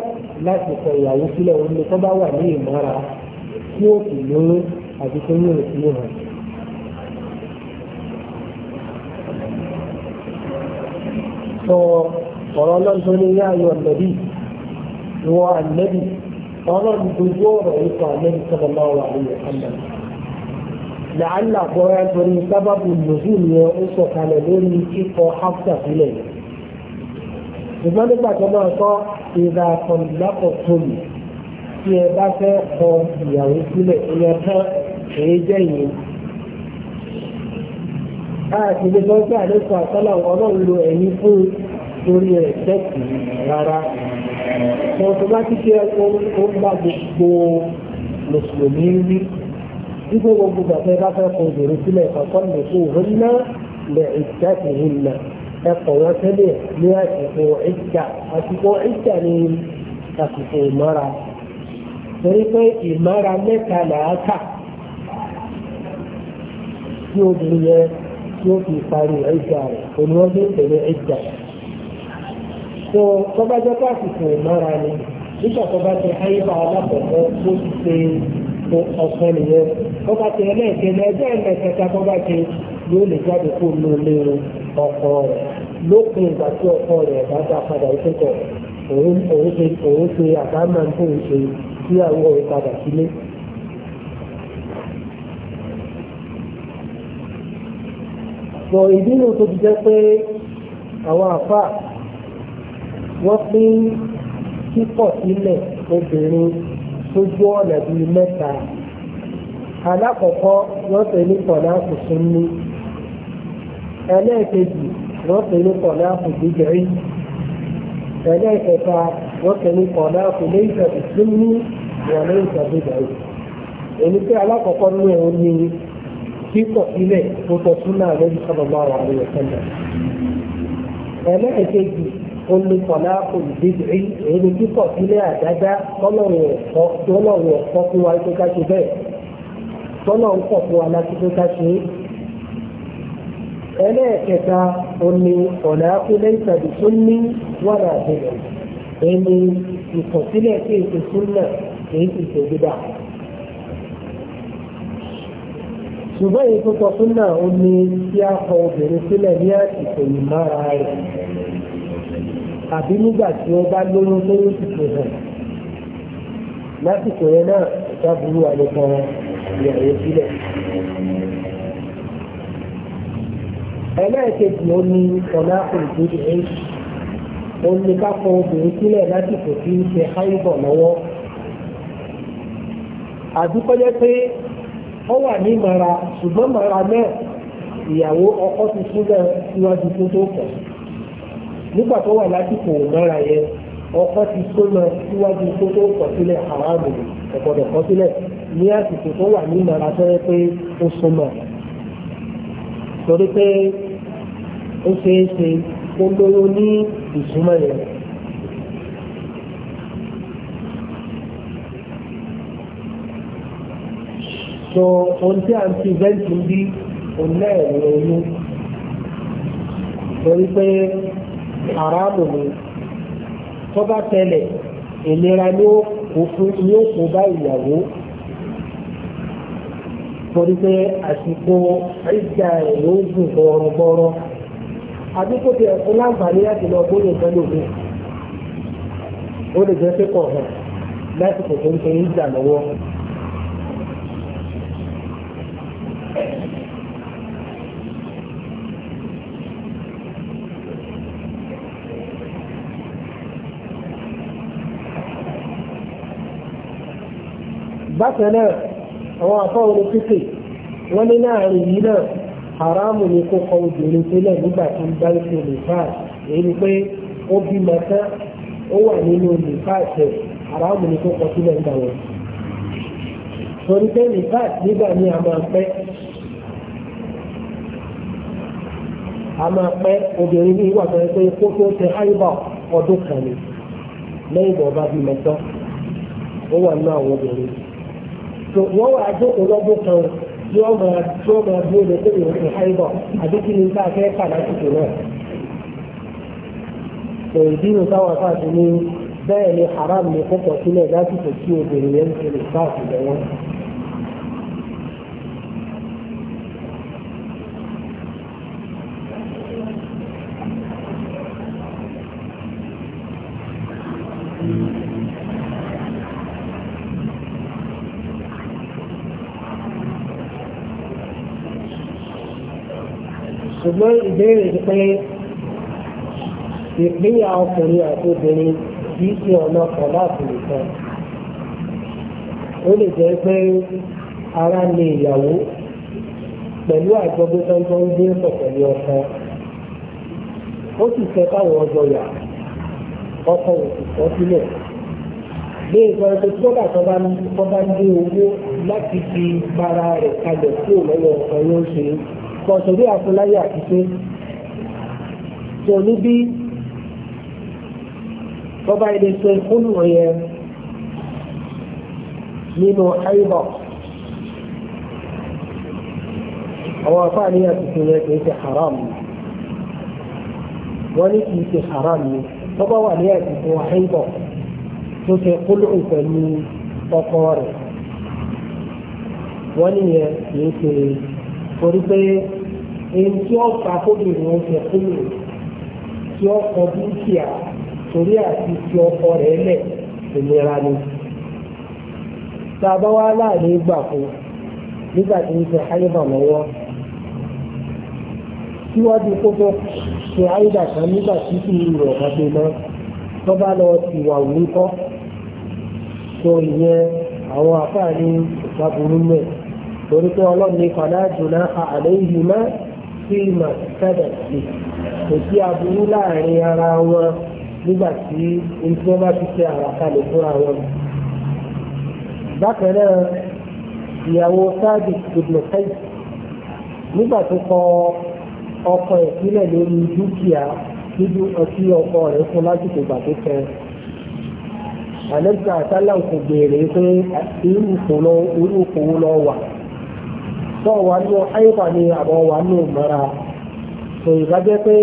láti kọ ìyàwó sílẹ̀ òun ni tó bá wà ní ìmọ̀ra tí ó sì lóyún àti tó ní òsì hàn. sọ ọ̀rọ̀ ọlọ́run tó ní yá ayọ̀ nàbí wọ ànẹ́bí ọlọ́run tó yọ ọ̀rọ̀ yìí kan sọ̀rọ̀ náà wà ní ìyàwó làálà bọ́ra torí sábàbù nùzùn yẹn ó sọ̀kalẹ̀ lórí ikọ̀ hafsa sílẹ̀ yìí. ṣùgbọ́n nígbà tó máa sọ ìdá kọ̀ǹdàkọ̀ tóbi tí ẹ bá fẹ́ kọ ìyàwó sílẹ̀ ìyẹn tán èyí jẹ́ ìyẹn. káàkiri lè sọ pé àlékò àtọ́là ọlọ́run lo ẹ̀yìn fún torí ẹ̀ tẹ́kù rárá. sọ̀tún bá ti ṣe ohun bá gbogbo mùsùlùmí rí dípò gbogbo gbàtẹ́ bá fẹ́ kó obìnrin sílẹ̀ ọ̀kọ́ lè kó òun ná lè ìjà tòun nà ẹ kọ̀ wọ́n tẹ́lẹ̀ ní àsìkò ìjà àsìkò ìjà ni àsìkò ìmọ́ra torí pé ìmọ́ra mẹ́ta là kà tí obìnrin yẹn tí ó fi parí ìjà rẹ̀ òun wọ́n ìjà tó tọ́ba pé àsìkò ìmọ́ra ni nígbà tó bá ti ayé bá alákọ̀ọ́kọ́ tó ti ṣe ọ̀kan nìyẹn tó bá ti ẹlẹ́ẹ̀kẹ́ni ẹjọ́ ẹlẹ́ẹ̀kẹta tó bá ti yóò lè jáde kó nu ilé ọkọ rẹ̀ lópin ìgbà tí ọkọ rẹ̀ bá dá padà ìpẹ́tọ̀ òun ṣe àbámọ̀ tó ń ṣe kí àwọn òun padà sílé. sọ ìdínú tó ti jẹ́ pé àwọn àfà wọ́n pín kíkọ̀ sílẹ̀ obìnrin tó gbọ́ ọ̀nà bíi mẹ́ta alákọ̀ọ́kọ́ wọ́n pè ní kọ̀ọ̀lá kùsùn ní ẹlẹ́ẹ̀kejì wọ́n pè ní kọ̀ọ̀lá kùdíjẹ́rì ẹlẹ́ẹ̀kẹta wọ́n pè ní kọ̀ọ̀lá na kùsùn ní ìrọ̀lẹ́ ìsàbíjẹ́rì èyí na alákọ̀ọ́kọ́ ní ẹ̀hún ní kíkọ̀ sílẹ̀ tó tọ́ súnà lórí sábàbá wà ní ọ̀sẹ̀lẹ̀ ẹlẹ́ẹ̀kejì ó fún wa ká tọ́lọ̀ ń pọ̀ fún wa láti tó ká ṣe é. ẹlẹ́ẹ̀kẹta òní ọ̀nà akúlẹ̀ ìtàdí tó ní wàrà àbẹ̀rẹ̀ ẹni ìkọ̀sílẹ̀ sí ètò súnmọ̀ èyí sì ṣe gbígbà. ṣùgbọ́n èyí tó sọ súnmọ̀ ó ní kí a kọ obìnrin sílẹ̀ ní àsìkò ìmára rẹ̀ àbí nígbà tí ó bá lóyún lóyún sì ṣe hàn lásìkò yẹn náà ìta burú àlekan ìyàwó sílẹ̀. ẹlẹ́ẹ̀kejì ó ní ọ̀nà òdòdó ẹ̀ ó ní ká fọ obìnrin sílẹ̀ lásìkò tí ń ṣe háìbọ̀ lọ́wọ́. àdúpẹ́jẹ́ pé ó wà ní mara ṣùgbọ́n mara náà ìyàwó ọkọ ti sílẹ̀ síwájú tó tó kọ̀ nígbà tó wà lásìkò mara yẹn ọkọ ti tó lọ síwájú tó tó kọ sílẹ̀ haramu ọ̀gbọ̀dọ̀ kọ sílẹ̀ ní àsìkò tó wà ní ìmọ̀ra tó yẹ pé ó súnmọ́ torí pé ó ṣeé ṣe kó lóyún ní ìsúnmọ́ yẹn. so ohun tí a ń fi vẹ́ǹtì bí òun ẹ̀rọ oyún torí pé haramu ni tó bá tẹlẹ̀ ìlera ni ó kó bá ìyàwó torí pé àsìkò ìjà ẹ̀ ló ń dùn bọ̀rọ̀bọ̀rọ̀ àbí kò tẹ ẹ̀kọ́ láǹfààní láti lọ bóyá ìfẹ́ lòdì ó lè jẹ́ pé kọ̀ hàn lásìkò tó ń ṣe ìjà lọ́wọ́. bákan náà àwọn àfọwọ́ ní pípé wọ́n ní láàrin yìí náà haramu ni kó obìnrin sílẹ̀ nígbà ń bá ń ṣe èyí pé ó bímọ tán ó wà nínú nìfàs rẹ̀ haramu ni kó torí pé nígbà ní a máa pẹ́ a máa pẹ́ obìnrin ní ìwà wọ́n wà jókòó lọ́dún kan yóò máa yóò máa dúró lọ pé ìwọ̀n ti háyé bọ̀ àbí kí ni bá a fẹ́ padà tuntun náà. èyí ni táwọn afáàtì ní bẹ́ẹ̀ ni haram ni kókò sílẹ̀ lásìkò tí obìnrin yẹn ń ṣe lè lọ́wọ́. ṣùgbọ́n ìbéèrè ti pé ìpínyà ọkùnrin àti obìnrin kì í ṣe ọ̀nà kan láti nìkan. ó lè jẹ́ pé ara lè ìyàwó pẹ̀lú àjọgbé tọ́jọ́ ń gbé pọ̀ pẹ̀lú ọkọ. ó sì fẹ́ káwọn ọjọ́ yà ọkọ òṣìṣẹ́ sílẹ̀. bí ìgbà tó tọ́lá tó bá ń gbé owó láti fi bára rẹ̀ kalẹ̀ kúrò lọ́wọ́ ọkọ yóò ṣe é pọ̀tòrí àfúláyé àtúnṣe tó níbí bọ́bá ilé ṣe kúlù yẹn nínú àìbọ̀ àwọn afáàní àtúnṣe yẹn kìí ṣe haram wọ́n ní kìí ṣe haram ni bọ́bá wà ní àtúnṣe àìbọ̀ tó ṣe kúlù pẹ̀lú ọkọ rẹ̀ wọ́n ní yẹn kìí ṣe torí pé èyí tí ó fa kóbìnrin oúnjẹ kúrò tí ó kọ dúkìá torí àti ti ọkọ rẹ̀ lẹ̀ ìlera ni. a bá wá láàrin ìgbà fún nígbà tí ń ṣe ayébà lọ́wọ́ síwájú kó ṣe ayébà kan nígbà tí kì í náà tó bá lọ ìwà òun tó ìyẹn àwọn ìgbà burú torí pé ọlọ́run ní fíìmà sẹ́dẹ̀ sí kò sí aburú láàrin ara wọn nígbà tí ohun tí wọ́n bá ti ṣe àràkalẹ̀ fúnra wọn. bákan náà ìyàwó sáàdì ìdùnnú kẹ́yì nígbà tó kọ ọkọ ìpínlẹ̀ lórí dúkìá nínú ọtí ọkọ rẹ̀ fún lásìkò ìgbà tó kẹ́ àlẹ́sà àtàlà kò béèrè pé irú kò lọ wà tó wà nù àyíká ni àbọ̀ wà tó ìbájẹ́ pé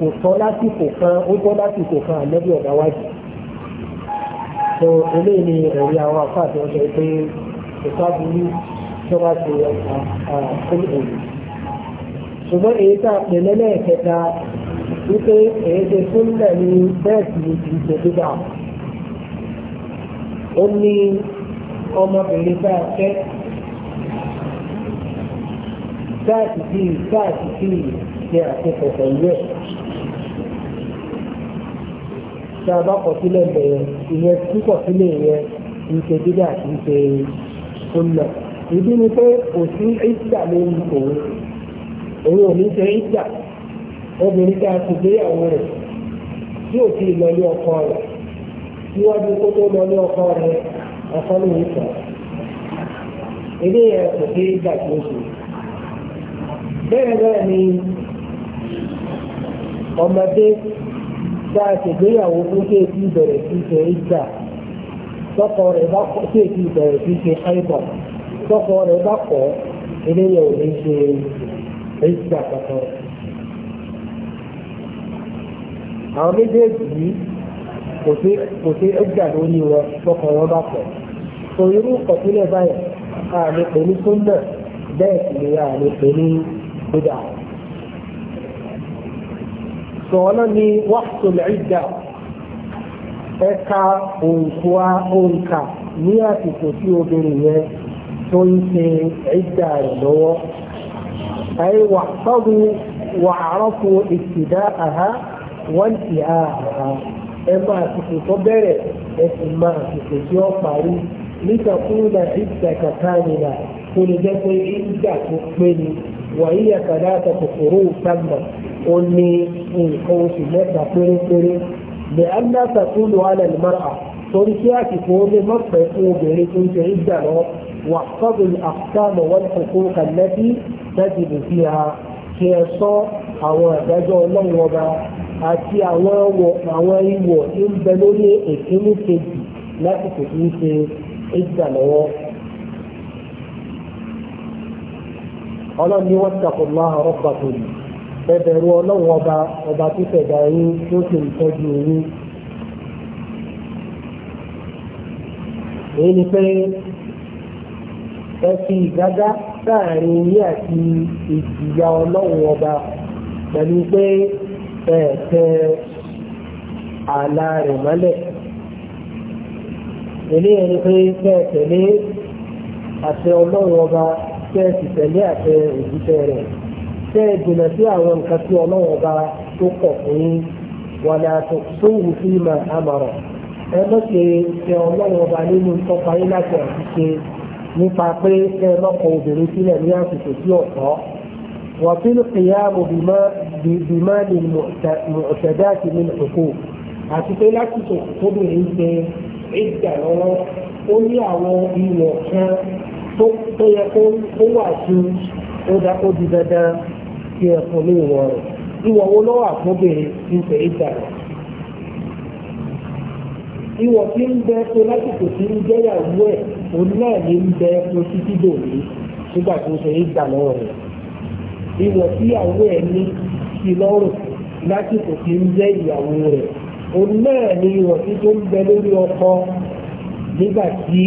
kò tọ́ lásìkò kan ó tọ́ lásìkò kan àlẹ́bí ọ̀dà wájú tó eléyìí ni ẹ̀rí àwọn afá àti pé ìka burú tó bá ti fún èyí ṣùgbọ́n èyí tá a pè lẹ́lẹ́ẹ̀kẹta wípé èyí ti fúnlẹ̀ ní bẹ́ẹ̀ sì ni kì ṣe dídà ó ní ọmọbìnrin bá a fẹ́ káàkiri káàkiri ṣe àkókò pẹ̀lú ẹ̀. tá a bá kọ sílẹ̀ bẹ̀rẹ̀ ìyẹn kíkọ sílẹ̀ yẹn kì í ṣe dídá kì í ṣe ọ̀nà. ni si ti ọkọ ọkọ bẹ́ẹ̀ náà ni ọmọdé tá a ṣègbéyàwó fún tí èsì bẹ̀rẹ̀ sí ṣe ìjà tọkọ rẹ̀ bá kọ́ tí èsì bẹ̀rẹ̀ sí ṣe àìbọ̀ tọkọ rẹ̀ bá kọ́ eléyẹ̀ ò ní ṣe ìjà kankan. àwọn méjèèjì yìí kò sí ìjà lórí wọn tọkọ wọn bá kọ́ torí irú ìkọ̀sílẹ̀ báyìí àmì pẹ̀lú súnmọ̀ bẹ́ẹ̀ sì ni àmì pẹ̀lú o n-seghe bere ka ụụka akụụ aaụụ arụụaa eụaaiaụa aaịa peri wàyí àkàdá àtàkùkùrú sábà ó ní nǹkan oṣù mẹ́ta pérépéré lè anda sàkúlù alẹ́ mara torí kí àsìkò ó lè má pẹ́ fún obìnrin tó ń jẹ ìgbà lọ wà fọ́bìlì àkùsáàmù wọn kòkó kàlẹ́bí dájìbò sí ha kí ẹ sọ àwọn àdájọ́ ọlọ́run ọba àti àwọn ìwọ̀ ń bẹ lórí èkínní kejì lásìkò tí ń ṣe ìgbà lọ́wọ́. ọlọ́run ni wọ́n takò máa rọ́bà tó yìí ẹbẹ̀rù ọlọ́run ọba ọba tó tẹ̀dá yín tó sì ń tọ́jú yín. èyí ni pé ẹ fi ìgbádá sáàrin yín àti ìjìyà ọlọ́run ọba pẹ̀lú pé ẹ tẹ ààlà rẹ̀ mọ́lẹ̀. èyí ni pé kẹ́ tẹ̀lé àṣẹ ọlọ́run ọba kẹ́ ẹ sì tẹ̀lé àtẹ òjíṣẹ́ rẹ̀ kẹ́ ẹ jìnà sí àwọn nǹkan tí ọlọ́wọ́ bá tó kọ̀ fún yín wà ní àtò tó wù sí mà àmọ̀rọ̀ ẹ má ṣe tẹ ọlọ́wọ́ bá nínú tọ́pa yín láti àtúnṣe nípa pé ẹ lọ́kọ̀ obìnrin sílẹ̀ ní àsìkò tí ọ̀tọ̀ wọ́n fi ń pè á bìmá ní mọ̀tẹ́dá àti ní òkú àti pé lásìkò tóbi ń ṣe ìgbà lọ́wọ́ ó ní àwọn ìwọ̀n kan tó tó yẹ kó kó wà sí ó dá ó di dandan kí ẹ fún ní ìwọ rẹ ìwọ wo lọ́wọ́ àfọ́bìnrin ti ń tẹ̀ ìgbà rẹ. ìwọ tí ń bẹ tó lásìkò tí ń jẹ́yàwó ẹ̀ òun náà ní ń bẹ tó títí dòní nígbà tó ṣe ìgbà lọ́wọ́ rẹ̀. ìwọ tí ìyàwó ẹ̀ ní ti lọ́rùn lásìkò tí ń jẹ́ ìyàwó rẹ̀ òun náà ní ìwọ tí tó ń bẹ lórí ọkọ nígbà tí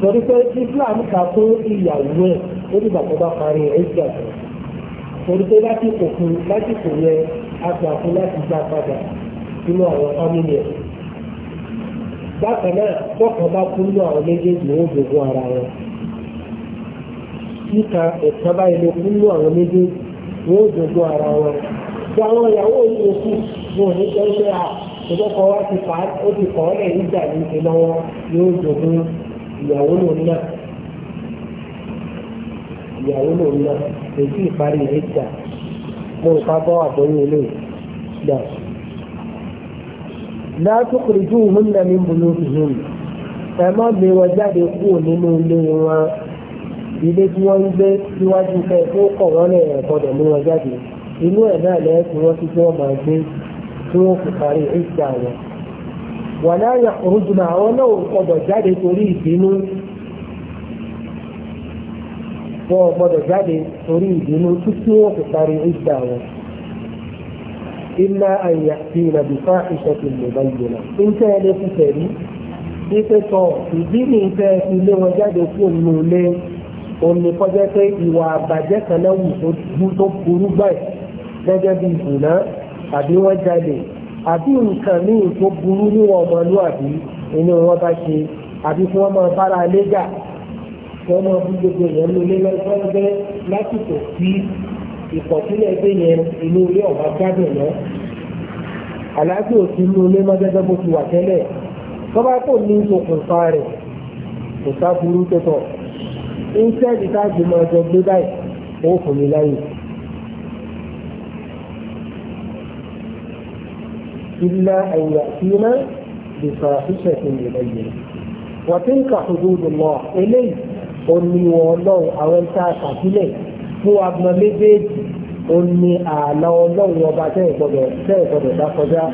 torí pé Islam kà fún ìyàwó ẹ̀ ó dìgbà tó parí ẹ̀ ìjà tó torí pé láti òkun láti kò yẹ àgbà fún láti gbà padà nínú àwọn fámìlì ẹ̀. bákan náà bọ́kàn bá kú nínú àwọn méjèèjì ó gbogbo ara wọn. kíka ẹ̀ka báyìí ló kú nínú àwọn méjèèjì ó gbogbo ara wọn. àwọn ìyàwó yìí kú ìyàwó lòun náà ìyàwó lòun náà èyí ìparí rẹ̀ jà mo ń ká bọ́ àbọ̀yìn eléyìí dà. látòkòrò jù hún náà ní bulúùkìhìn ẹ má gbé wọn jáde kúrò nínú ilé wọn ilé tí wọ́n ń gbé síwájú fẹ́ tó kọ̀ wọ́n lè rẹ̀ gbọ́dọ̀ mú wọn jáde inú ẹ̀ náà lẹ́yìn tí wọ́n ti tí wọ́n máa gbé tí wọ́n fi parí ìjà wọn wàlá yàkùrùjùmọ̀ àwọn náà gbọdọ̀ jáde torí ìbínú wọ́n gbọdọ̀ jáde torí ìbínú títí wọ́n fi parí ìgbà wọn. ilá àyà ti ìrìnàjò ìṣẹ̀tì lòbáyìí náà. ń tẹ́ ẹ lé fún tẹ̀rí ife sọ ìdí ní ife ilé wọn jáde fún òun nílé òní kọjá pé ìwà àbàjẹ́ kan náà wù tó burú báyìí gẹ́gẹ́ bí ìbùnà àbí wọ́n jáde àbí nǹkan míì tó burú níwọ̀n ọmọlúwàbí inú wọn bá ṣe àbí kí wọ́n máa bára lé jà kí wọ́n máa bí gbogbo yẹn ló lé lọ́gbẹ́ lásìkò sí ìkọ̀sílẹ̀ ẹgbẹ́ yẹn inú ilé ọ̀gá jáde lọ. àlàáfíà òsì inú ilé máa gẹ́gẹ́ bó ti wà tẹ́lẹ̀ tó bá kò ní okùnfà rẹ̀ kò sá burú tó tọ̀. iṣẹ́ ìtajù máa jọ gbé báyìí ó fòmí láyè. إلا أن يأتينا بفاحشة مبينة وتلك حدود الله إليه أني والله أو أنت أتعفلي هو أبنى مبيت أني أعلى الله وبعدين بدأ بدأ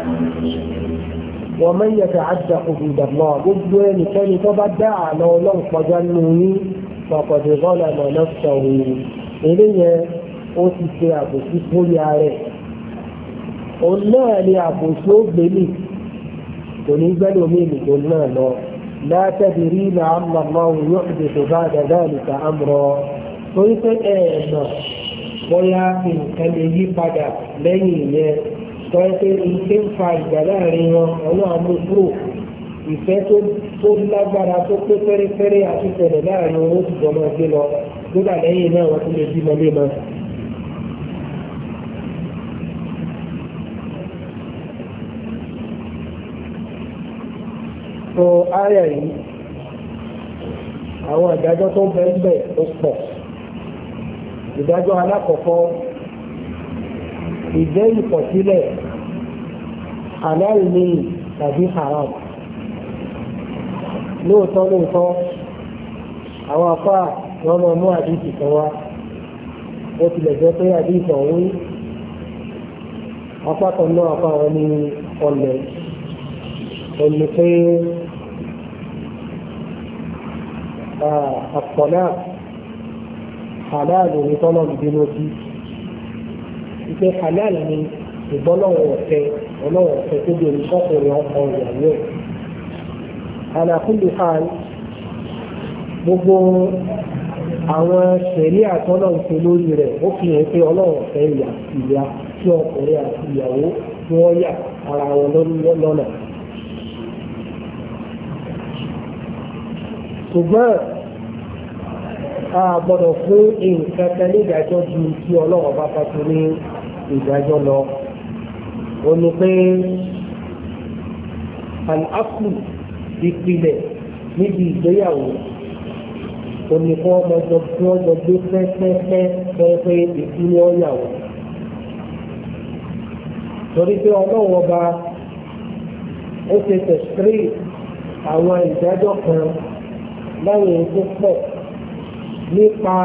ومن يتعدى حدود الله بدون كان تبدع على الله فجنه فقد ظلم نفسه إليه أتي في أبو سيكولي عليه òun náà ni àbòsí ó gbélé kò ní gbẹ́lẹ̀ omi ìlú náà lọ látẹ̀dì rí na àmàmà òun yóò fi tètè bá dàda nìkan àmúrọ̀ torí pé ẹ̀ẹ̀nà bóyá nǹkan lè yí padà lẹ́yìn ìyẹn torí pé ike ń fa ìgbà láàrin wọn ọlọ́run mú ìfẹ́ tó lágbára tó pé fẹ́rẹ́fẹ́rẹ́ àti tẹ̀lẹ̀ láàrin wọn ó sì jọmọ gbé lọ nígbà lẹ́yìn náà wọ́n tún lè bímọ lé mọ́. sọ áyà yìí àwọn ìdájọ́ tó bẹ́ẹ̀ ó pọ̀ ìdájọ́ alákọ̀ọ́kọ́ ìjẹ́ ìkọ̀sílẹ̀ aláìní tàbí haram lóòótọ́ lóòótọ́ àwọn afá wọn máa mú àdìsí kan wá ó tilẹ̀ jẹ́ pé àdìsí ọ̀hún apá kan náà apá wọn ní ọlẹ̀ àpọ̀lá aláàlú ní tọ́lọ̀ إذا bí ìpè aláàlú ni ìbọ́lọ́wọ̀ ọ̀fẹ́ ọlọ́wọ̀ ọ̀fẹ́ tó bí oníṣọ́kùnrin ọkọ ìyàwó ẹ̀. àlàkùnlé hàn gbogbo àwọn ṣẹ̀rí àtọ́nà ń ṣe lórí rẹ̀ ó fi hàn pé ọlọ́wọ̀ ọ̀fẹ́ ìyà ìyà tí ọkùnrin àti ìyàwó tí wọ́n yà ara wọn lọ́nà. ṣùgbọ́n a gbọ́dọ̀ fún nǹkan kan ní ìdájọ́ ju tí ọlọ́run bá bá tún ní ìdájọ́ lọ. ó ní pé àlàkù ìpìlẹ̀ níbi ìgbéyàwó ó ní kó ọmọ jọ bí wọ́n jọ gbé pẹ́pẹ́pẹ́pẹ́ ìdílé ọ̀yàwó. torí pé ọlọ́run ọba ó ṣe tẹ̀sírì àwọn ìdájọ́ kan láwọn èèyàn tó pọ̀ nípa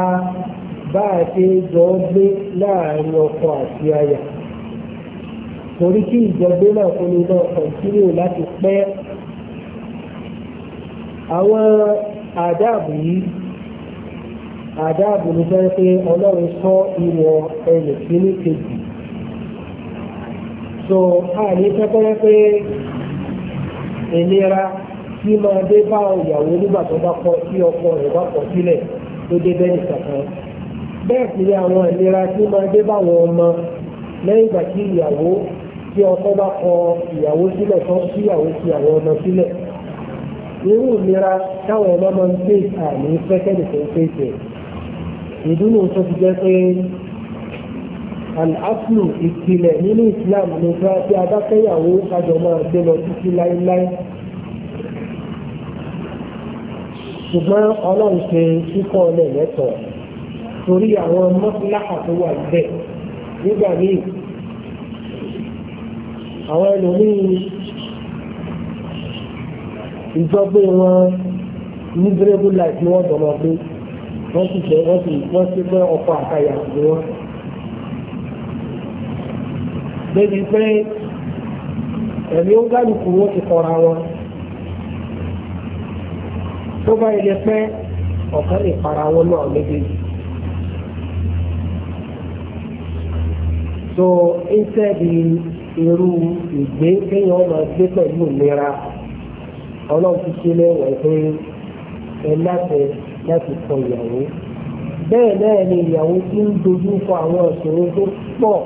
bá a ṣe jọ gbé láàrin ọkọ àti aya torí kí ìjọgbé náà kó lè náà kọ̀ǹtínú láti pẹ́ àwọn àdáàbò yìí àdáàbò ló fẹ́ pé ọlọ́run sọ ìwọ ẹnì kínní kejì so a ní pẹ́pẹ́rẹ́ pé ìlera tí máa dé bá ìyàwó nígbà tó bá kọ sí ọkọ rẹ̀ bá kọ sílẹ̀. Si tó dé bẹ́ẹ̀ kankan bẹ́ẹ̀ sì ni àwọn ìlera tí máa dé báwọn ọmọ lẹ́yìn ìgbà tí ìyàwó tí ọkọ bá kọ ìyàwó sílẹ̀ tán sí ìyàwó ti àwọn ọmọ sílẹ̀ irú ìlera táwọn ọmọ máa ń gbé àmì fẹ́kẹ́lì tó ń pèsè ìdúró tó ti jẹ́ pé àlàáfíù ìpìlẹ̀ nínú ìsìlámù nípa tí a bá fẹ́yàwó kájọ máa gbé lọ títí láéláé. ṣùgbọ́n ọlọ́run ṣe kíkọ́ ọlẹ̀ lẹ́tọ̀ọ́ torí àwọn mọ́síláhà tó wà níbẹ̀ nígbà míì àwọn ẹlòmíì ìjọgbé wọn miserable life ni wọ́n jọmọ pé wọ́n sì jẹ́ wọ́n sì wọ́n sì fẹ́ ọkọ̀ àtàyà ni wọ́n. débi pé ẹ̀mí ó gbàlùkù wọn ti kọra wọn. tó bá ilé pẹ́ ọ̀kan lè para wọn náà méjèèjì. so instead irú ìgbé kéèyàn máa gbé pẹ̀lú ìlera ọlọ́run ti ṣe lẹ́wọ̀n pé ẹ láti láti kọ ìyàwó bẹ́ẹ̀ náà ni ìyàwó tí ń dojú kọ àwọn ìṣòro tó pọ̀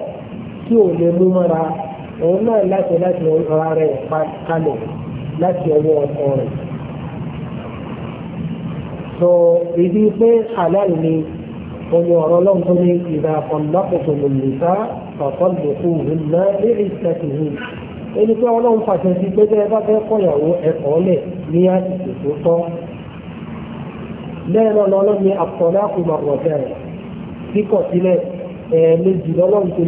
tí ò lè mú mọ́ra òun náà láti láti ọ̀rọ̀ rẹ̀ kalẹ̀ láti ọwọ́ ọkọ rẹ̀. sọ ibi pé halal ni omi ọ̀rọ̀ ọlọ́run tó ní ìdá ọ̀nàkùnkùn lòlùsá ọ̀tọ́lùkùn ìlú ẹ̀rí ìsẹ̀kìhìn ẹni pé ọlọ́run pàṣẹ sí pé bẹ́ẹ̀ bá fẹ́ kọ̀yàwó ẹ̀kọ́ lẹ̀ ní àsìkò tó tọ́ lẹ́yìn náà lọ́lọ́ ní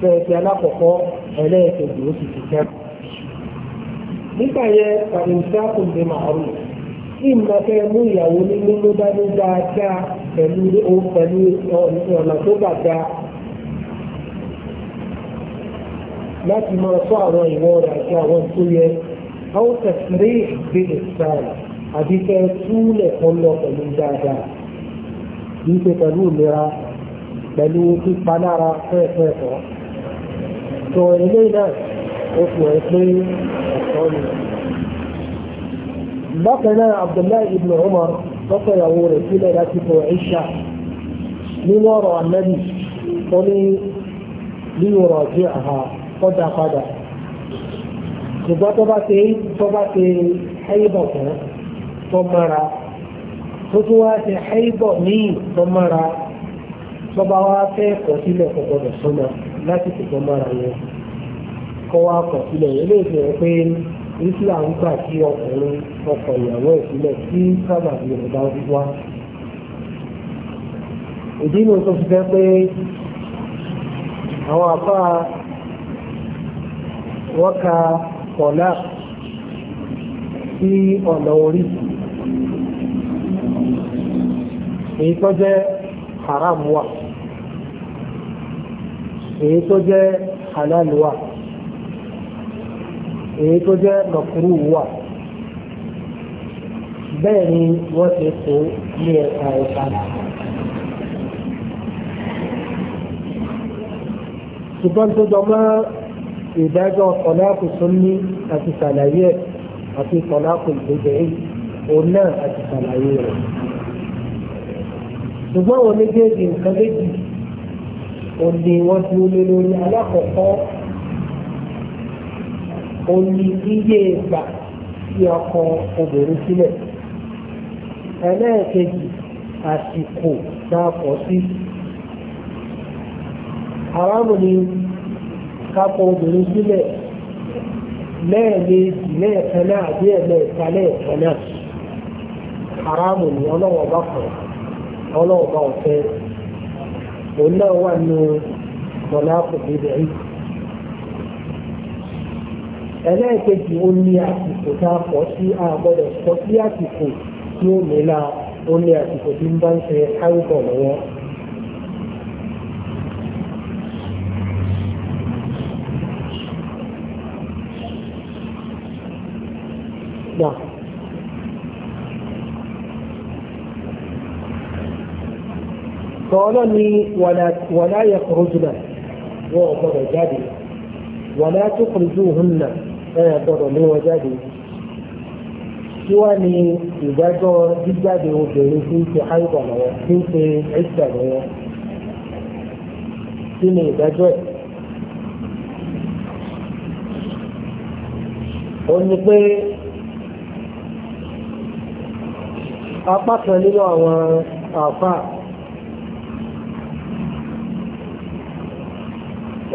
fẹ́ẹ̀fẹ́ alákọ̀ọ́kọ́ ẹlẹ́ẹ̀kejì ó sì ti kẹ́kọ̀ọ́ nígbà ìmọ̀ fẹ́ mú ìyàwó nínú ló bá ní dáadáa pẹ̀lú pẹ̀lú ọ̀nà tó bàjá láti máa sọ àwọn ìwọ rẹ̀ àti àwọn tó yẹ àwọn tẹ̀sírí ìgbé ìsáàlì àbí fẹ́ túlẹ̀ kan lọ pẹ̀lú dáadáa kì í ṣe pẹ̀lú ìlera pẹ̀lú pípalára fẹ́ẹ̀fẹ́ kan. sọ eléyìí náà ó fi hàn pé ẹ̀kọ́ ni bákanáà abdullahi ibn umar lọ́kọ̀yàwó rẹ̀ sílẹ̀ láti fọ ìṣà nínú ọ̀rọ̀ annabi ó ní líwọ̀rọ̀ jẹ́ àhà kọ́dà padà ṣùgbọ́n tó bá ṣe tó bá ṣe haibọ̀ kan tó mara tó tún wá ṣe haibọ̀ míì tó mara tó bá wá fẹ́ kọ̀ sílẹ̀ kọ̀kọ̀dọ̀ sọ́nà láti tètè mara yẹn kọ́ wá kọ̀ sílẹ̀ eléyìí fi hàn pé nígbà ń gbà tí ọkùnrin ọkọ ìyàwó ìpínlẹ̀ tí sábàbí rẹ̀ bá wá. ìdí ni tó fi jẹ́ pé àwọn apá wọ́n ka kọ̀lá sí ọ̀nà oríṣi èyí tó jẹ́ haram wà èyí tó jẹ́ halal wà èyí tó jẹ́ lọ́kùrú wà bẹ́ẹ̀ ni wọ́n ti kó ní ẹ̀ka ẹ̀ka. ṣùgbọ́n tó jọ mọ́ ìdájọ́ kọ̀láàkù sunni àti sàlàyé àti kọ̀láàkù ìgbẹ́jẹ́ òun náà àti sàlàyé rẹ̀. ṣùgbọ́n àwọn méjèèjì nǹkan méjì òun ni wọ́n dúró lé lórí alákọ̀ọ́kọ́. òní iye ìgbà tí ọkọ obìnrin sílẹ̀ ẹlẹ́ẹ̀kejì àsìkò náà pọ̀ sí haramu ni kápọ̀ obìnrin sílẹ̀ lẹ́ẹ̀mejì lẹ́ẹ̀kan náà àbí ẹ̀mẹ́ẹ̀ta lẹ́ẹ̀kan náà haramu ni ọlọ́wọ́ bá kọ̀ ọlọ́wọ́ bá ọ̀fẹ́ òun náà wà ẹlẹ́ẹ̀kejì ó ní àsìkò tá a kọ́ sí a gbọ́dọ̀ kọ́ sí àsìkò tí ó nílá ó ní àsìkò tí ń bá ń ṣe káyọ̀bọ̀ lọ́wọ́. قال لي ولا ولا يخرجن وغضب جدي ولا تخرجوهن ẹ gbọ́dọ̀ mú jáde kí wá ní ìdájọ́ jíjáde obìnrin tí ń ṣe àìbọ̀ lọ́wọ́ tí ń ṣe ẹ̀ṣẹ̀ lọ́wọ́ kí ni ìdájọ́ ẹ̀. ó ní pé apá kan nínú àwọn àfáà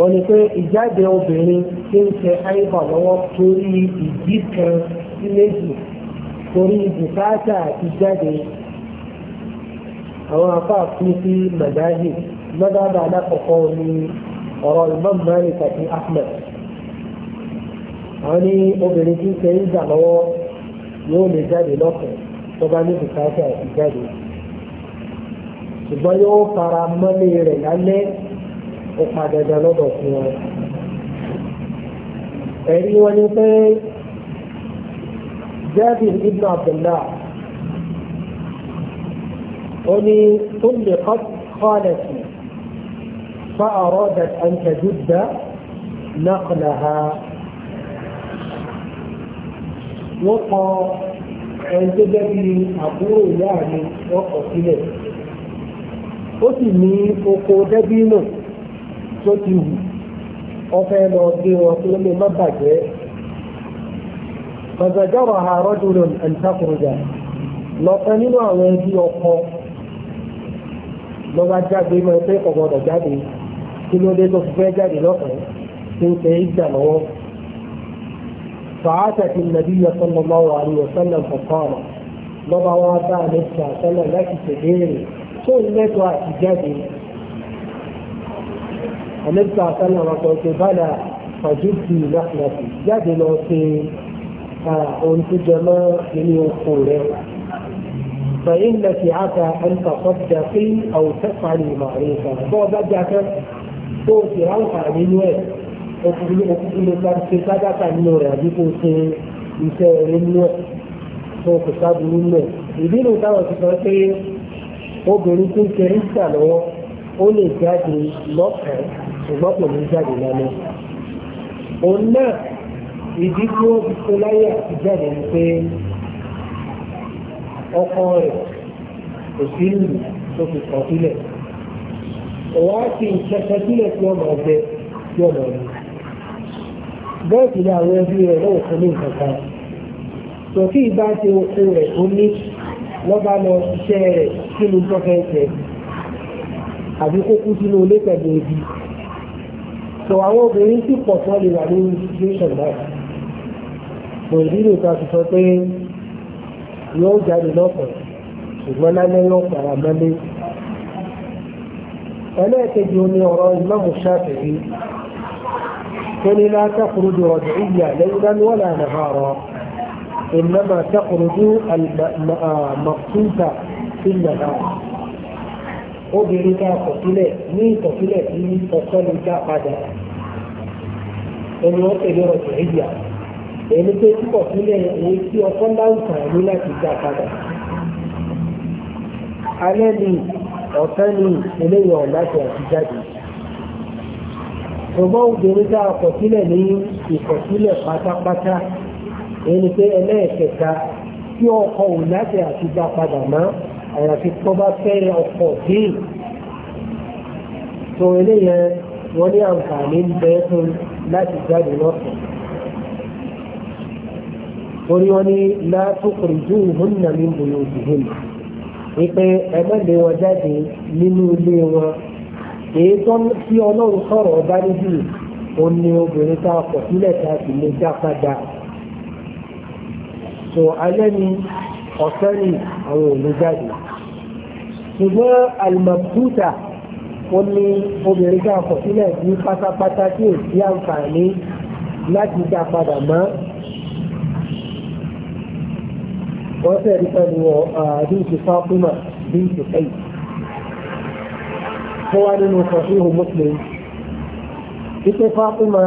ó ní pé ìjáde obìnrin tí ń ṣe àìbà lọ́wọ́ torí ìdí kan sí méjì torí bùkátà àti jáde àwọn afá fún sí màdáhì mọ́dábà alákọ̀ọ́kọ́ ní ọ̀rọ̀ Imam Malik àti Ahmed àwọn ní obìnrin tí ń ṣe ìgbà lọ́wọ́ yóò lè jáde lọ́fẹ̀ẹ́ tó bá ní bùkátà àti jáde ṣùgbọ́n yóò fara mọ́lé rẹ̀ lálẹ́ ó padà dá lọ́dọ̀ fún wọn ẹ̀rí wọn ni pé Jabir ibn Abdullah ó ní tó lè kọ́lẹ̀tì فأرادت أن تجد نقلها wọ́n kọ ẹni tó jẹ́ bí àbúrò ìyá mi wọ́n kọ sílẹ̀ ó sì ní oko dẹ́bí tó ti wù ọfẹ́ lọ gbé wọn kí ó lè má bàjẹ́ fàzàjọ́rọ̀ àárọ́jù lòun ẹ̀ńtàkùrọ̀jà lọ́kàn nínú àwọn ẹbí ọkọ lọ́ba jáde mọ́ pé ọ̀gbọ́dọ̀ jáde kí ló dé tó fi fẹ́ jáde lọ́kàn tó ń tẹ ìjà lọ́wọ́. فعاتت النبي صلى الله عليه وسلم فقال لما وضع نفسه صلى الله عليه وسلم لك تدير شو الناس واحد جدي àmẹ́ríkà àtàlà wọn sọ pé bàdà fàjútì lápìlàpì jáde lọ ṣe ohun tó jẹ mọ́ inú oko rẹ̀ fẹ̀yìn lẹ́sìn àtà ẹ̀ńtà sọ́jà pé àwòtẹ́ parí màrí kan bọ́ ọ bá jákẹ́ tó o sì ráǹkà nínú ẹ̀ okùnrin ló bá ṣe sádàkà nínú rẹ̀ àbí kó ṣe iṣẹ́ rẹ̀ nínú ẹ̀ tó kò sábúrú nínú ẹ̀ ìdí nù táwọn ti sọ pé obìnrin tó ń ṣe ríṣà lọ́wọ́ ó lè jáde lọ́kẹ̀ẹ́ ṣùgbọ́n kò ní jáde lọ́nà. òun náà ìdí tí wọ́n fi tó láyé àti jáde ni pé ọkọ rẹ̀ kò sí lù tó fi kàn sílẹ̀. òun á fi ìṣẹ̀ṣẹ̀ sílẹ̀ tí ọmọ ọbẹ̀ tí ọmọ rẹ̀. bẹ́ẹ̀ sì ni àwọn ẹbí rẹ̀ lọ́wọ́ fún ní nǹkan tòkí ìbá ṣe oko rẹ̀ ó ní lọ́ba lọ iṣẹ́ rẹ̀ sínú tọ́kẹ́ àbí kó sínú ilé pẹ̀lú ebi so àwọn obìnrin sì pọ̀ tán lè wà ní situation náà kò rí lè ta sọ pé yóò jáde lọ́pọ̀ ṣùgbọ́n lálẹ́ yóò para mọ́lé ẹlẹ́ẹ̀kejì omi ọ̀rọ̀ ìmáàmù Ṣáfi'í tó ní la takhruju raj'iyya laylan wala nahara innama takhruju al-maqsuta fil nahar obìnrin ká kọ̀sílẹ̀ ní ìkọ̀sílẹ̀ tí ọkọ lè já padà ẹni wọ́n tẹ̀lé ọ̀sẹ̀ ìyá ẹni tó túbọ̀ sílẹ̀ èyí tí ọkọ láǹfààní láti já padà. alẹ́ ni ọ̀sán ni eléyìí ọ̀láṣẹ àti jáde. ṣùgbọ́n obìnrin ká kọ̀sílẹ̀ ní ìkọ̀sílẹ̀ pátápátá ẹni pé ẹlẹ́ẹ̀kẹta tí ọkọ ọ̀láṣẹ àti já padà máa àyàfi tó bá fẹ́ ọkọ̀ díì tó eléyẹn wọ́n ní àǹfààní ń bẹ fún láti jáde lọ́sọ̀ torí wọ́n ní látòkùnrin jù hún nà mí bòyò òdìhìn wípé ẹgbẹ́ lé wọn jáde nínú ilé wọn èyí tó tí ọlọ́run sọ̀rọ̀ ọba níbí ó so alẹ́ ni ni àwọn ò ṣùgbọ́n àlùmọ̀kúta ó ní obìnrin ká kọ̀ sílẹ̀ ní pátápátá tí ò sí àǹfààní láti dá padà mọ́. wọ́n tẹ̀lé pẹ̀lú àdúgbò fáfúmà bíi tòkẹ́yì. tó wá nínú sọ̀fíhù muslim ike fáfúmà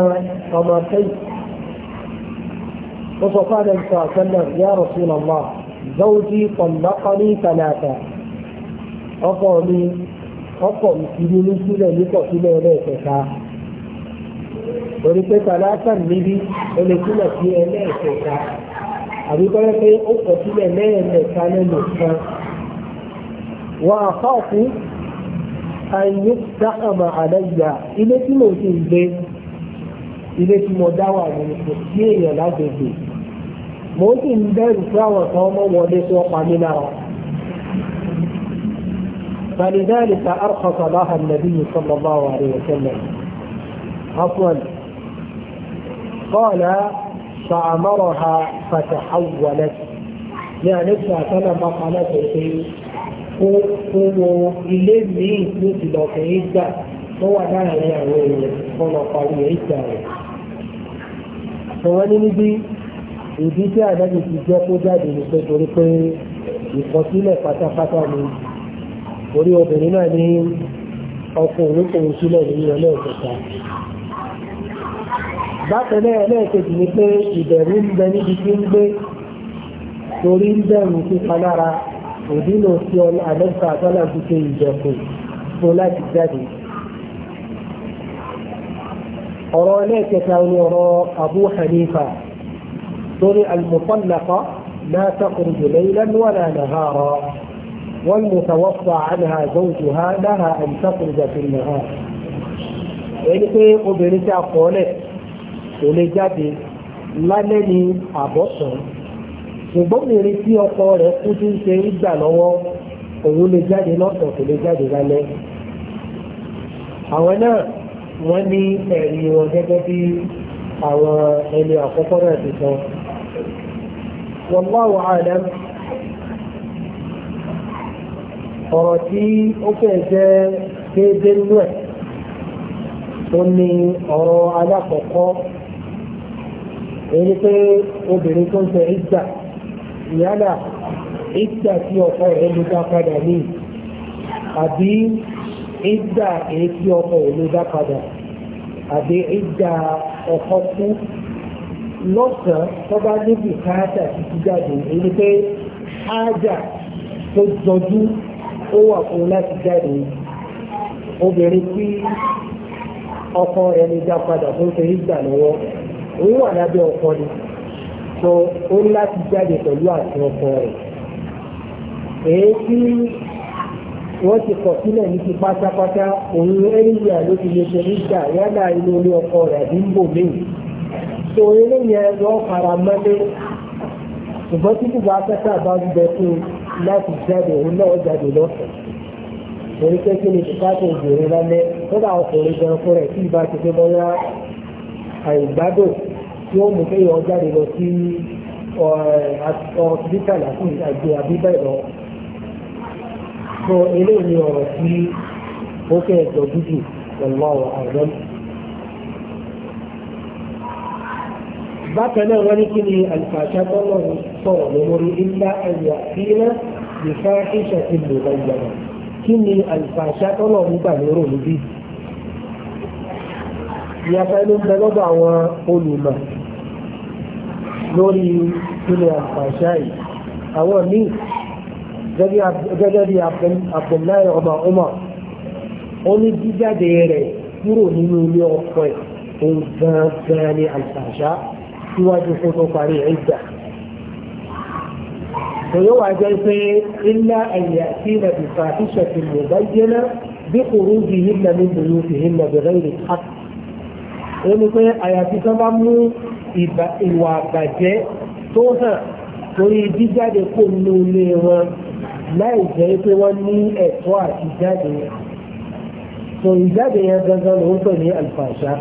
ọmọ kẹ́yì. ó sọ fáadà ìṣàkẹ́lẹ̀ yá rọ̀ṣúlọ́lá zawji طلقني ثلاثة ọkọ mi ọkọ mi ti rí nísílẹ̀ nítọ̀sílẹ̀ ẹlẹ́ẹ̀kẹta torí pé tàlátà níbi ó na sílẹ̀ sí ẹlẹ́ẹ̀kẹta àbí kọ́lẹ́ pé ó kọ̀ sílẹ̀ lẹ́ẹ̀mẹta lẹ́nu kan wọ́n àkọ́kù àyè dákàmà àdáyà ilé tí mo ti ń gbé ilé tí mo dá wà ní kò sí èèyàn lágbègbè mo ń fún àwọn kan ọmọ wọlé tí pa mí lára. فلذلك أرخص لها النبي صلى الله عليه وسلم عفوا قال فأمرها فتحولت يعني فأتنا ما قالت في قوموا إليه مثل عدة هو لا يعني خلق عدة هو نبي ìdí tí àdájọ́ ti jẹ́ kó jáde nípa torí pé ìkọsílẹ̀ orí obìnrin náà ní ọkùnrin kòrò sílẹ̀ ní ẹlẹ́ẹ̀kẹta bákanáà ẹlẹ́ẹ̀kejì ni pé ìbẹ̀rù ń bẹ níbi tí ń gbé torí ń bẹ̀rù pípa lára òdínà tí ọlọ́ àdẹ́sà àtọ́là ti ṣe ìjẹ̀kù fún láti Hanifa torí al-mutallaqa la takhruju laylan wala nahara والمتوفى عنها زوجها لها أن تخرج في النهار ẹni pé obìnrin tí a kọ́ lẹ̀ kò lè jáde lálẹ́ ní àbọ̀sán ṣùgbọ́n obìnrin tí ọkọ rẹ̀ kú tí ń ṣe ń gbà lọ́wọ́ òun lè jáde lọ́sàn kò lè jáde lálẹ́ àwọn náà wọ́n ní ẹ̀rí wọn gẹ́gẹ́ bí àwọn ẹni àkọ́kọ́ náà ti sọ wọ́n wàhálà ọ̀rọ̀ tí ó fẹ́ jẹ́ déédéé nínú ẹ̀ ó ní ọ̀rọ̀ alákọ̀ọ́kọ́ èyí pé obìnrin tó ń tẹ ìgbà ìyálà ìgbà tí ọkọ rẹ̀ ló dá padà ní àbí ìgbà èyí tí ọkọ rẹ̀ ló dá padà àbí ìgbà ọkọ kú lọ́sàn-án tó bá níbi káàtà títí jáde èyí pé ájà tó jọjú ó wà fún láti jáde obìnrin tí ọkọ ẹni dá padà tó ń fi gbà lọ́wọ́ òun wà lábẹ́ ọkọ ni so ó láti jáde pẹ̀lú àti ọkọ rẹ̀ èyí tí wọ́n ti kọ̀ sílẹ̀ ní ti pátápátá òun ló ti lè ṣe nígbà yálà inú ilé ọkọ rẹ̀ àbí ń bò míì tó eléyẹn lọ́ fara mọ́lé ṣùgbọ́n tí kò bá tẹ́tà bá ń bẹ fún láti jáde òun náà jáde lọ́fẹ̀ẹ́ torí pé kí ni bùkátà obìnrin lálẹ́ kódà ọkùnrin gan fún rẹ̀ tí ìbá ti fi bọ́yá àìgbádùn tí ó mú kéèyàn jáde lọ sí ọ̀sibítàlì àti àgbè àbíbẹ̀ lọ. sọ eléyìí ọ̀rọ̀ tí ó ẹ̀jọ̀ dúdú pẹ̀lú ọ̀rọ̀ àìlọ́mù. bákan náà wọ́n ní kí ni àlùfàṣà tọ́lọ̀ sọ̀rọ̀ lórí ilá ẹ̀yà sílẹ̀ nìfà ìṣẹ̀ ti lò lọ́yọ̀rọ̀ kí ni àlùfàṣà tọ́lọ̀ nígbà lérò níbí. ìyàtọ̀ ẹni ń bẹ lọ́dọ̀ àwọn olùmọ̀ lórí kí ni àlùfàṣà yìí àwọn míì gẹ́gẹ́ bí Abdullahi ọba Umar ó ní jíjáde rẹ̀ kúrò nínú ilé ọkọ ẹ̀ òun gan-an ni àlùfàṣà síwájú kó tó parí ìdá kò yóò wá jẹ́ pé ilá ẹ̀yà sí nàbì fàáfíṣà ti lè bá jẹ́nà bí kò rú bí yìí nàbí bòyó fi yìí nàbì rẹ̀ lè ó ní pé àyàfi tó bá mú ìwà àbàjẹ́ tó hàn torí jíjáde kó nínú ilé wọn láì jẹ́ pé wọ́n ní ẹ̀tọ́ àti jáde yẹn. tò ìjáde yẹn gangan ló ń pè ní àlùfàṣà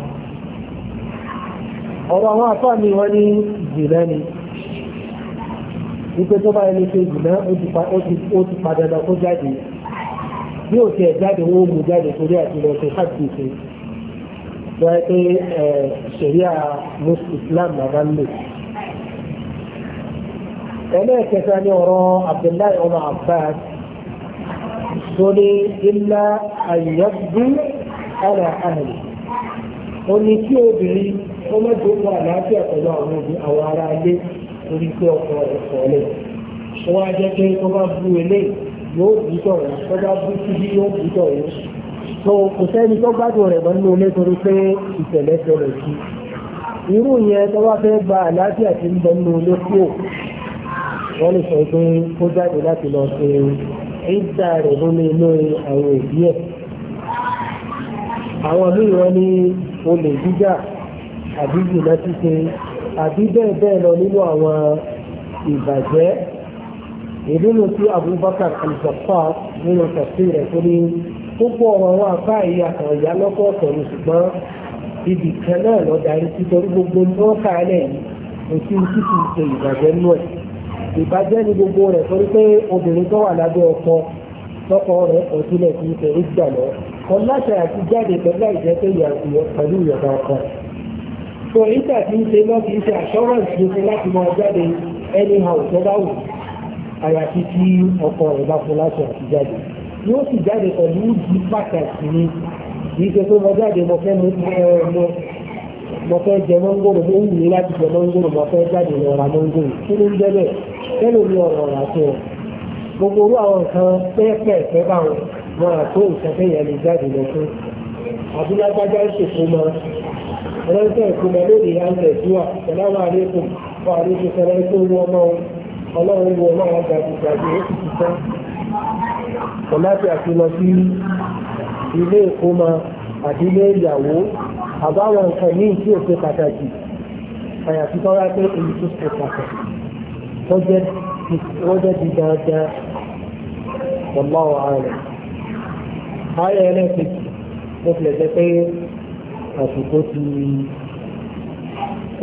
ọ̀rọ̀ àwọn àfáà ni wọ́n ní jìnà ni wípé tó bá ẹni ṣe jìnà ó ti padà lọ kó jáde bí ó ti ẹ̀ jáde wọ́n mú jáde torí àti lọ ṣe hajj ṣe lọ pé ṣẹ̀ríà Islam bàbá ń lò. ẹlẹ́ẹ̀kẹta ni ọ̀rọ̀ Abdullahi ọmọ Abbas tó ní ilá àyẹ̀bú ara àhẹ̀lẹ̀ ó ní kí obìnrin ọmọ ìjọba àlàáfíà pẹ̀lú àwọn òbí àwọn ará ilé torí pé ọkọ ẹ̀kọ́ lẹ̀. wọ́n á jẹ́ pé tó bá bú ilé yóò bú tọ̀rọ̀ tó bá bú síbí yóò bú tọ̀rọ̀. tó kò sẹ́ni tó gbádùn rẹ̀ mọ́ nínú ilé torí pé ìṣẹ̀lẹ̀ ṣẹlẹ̀ sí. irú yẹn tó bá fẹ́ gba àlàáfíà tí ń bẹ nínú ilé kúrò wọ́n lè sọ pé kó jáde láti lọ ṣe ìdá rẹ̀ lórí inú àwọn òbí ẹ̀. àwọn míì wọn ní olè jíjà àbí ìyìnà ṣíṣe àbí bẹ́ẹ̀ bẹ́ẹ̀ lọ nínú àwọn ìbàjẹ́ ìdúnnù tí Abubakar al-Jaffar nínú tẹ̀sí rẹ̀ tó ní púpọ̀ àwọn apá yìí àtàwọn ìyá lọ́kọ̀ ọ̀tọ̀rọ̀ ṣùgbọ́n ibì kan náà lọ darí sí torí gbogbo ní wọ́n kà á lẹ̀ yìí kò sí títí ṣe ìbàjẹ́ nú ẹ̀ ìbàjẹ́ ni gbogbo rẹ̀ torí pé obìnrin tó wà lábẹ́ ọkọ lọ́kọ rẹ̀ ọ̀túnlẹ̀ kì í ṣe rí gbà lọ kọ́ láṣẹ àti jáde pẹ̀lú àìjẹ́ pé pẹ̀lú ìyọ̀dà ọkọ so nígbà tí ń ṣe lọ́ọ̀kì ń assurance ló fún láti máa jáde anyhow tó bá wù àyàfi tí ọkọ rẹ̀ bá fún láti àti jáde yóò sì jáde pẹ̀lú ìdí pàtàkì ni kì í ṣe pé mo jáde mo fẹ́ mo fẹ́ jẹ mọ́ngòrò mo ń wù mí láti jẹ mọ́ngòrò mo fẹ́ jáde lọ ra mọ́ngòrò kí ló ń jẹ́ bẹ́ẹ̀ kẹ́lò ní ọ̀rọ̀ ọ̀rọ̀ àti ọ̀ gbogbo orú àwọn nǹkan pẹ́ẹ́pẹ́ẹ́pẹ́ báwọn wọn àtó nǹkan tẹ́yẹ̀ lè jáde lọ fún àbúlágbájá ń ṣètò máa ránṣẹ́ ìkúmọ̀ lórí ránṣẹ́ ìṣúwà sàlámà àlékún fún àlékún sọ̀rọ̀ ikú owó ọmọ ọlọ́run wo ọlọ́run gbàgbégbàgbé ó sì ti tán ọ̀láti àti lọ sí ilé ìkómọ àdílé ìyàwó àbáwọn nǹkan ní tí ó ṣe pàtàkì àyàfi tọ́ra pé èyí tó ṣe pàtàkì wọ́n jẹ́ di dáadáa ọ̀lá ọ̀hánà. Ayẹ̀lẹ́ fi mo tilẹ̀ jẹ́ pé àsìkò ti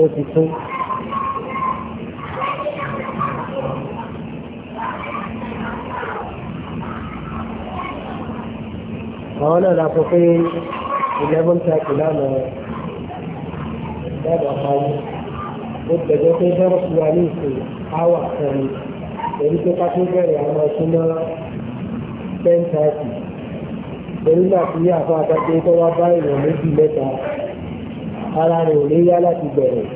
ó ti tún àwọn náà la sọ pé eleven thirty lánàá dábàá parí ó gbẹ̀jọ́ pé bẹ́rẹ̀ fún wa ní ìsìn áwà kan èyí tó ká bẹ̀rẹ̀ àwọn ọtún náà ten thirty nígbà tí àfa àtàkùn tó wá bá èèyàn méjì mẹ́ta ara rẹ̀ ò lè yá láti bẹ̀rẹ̀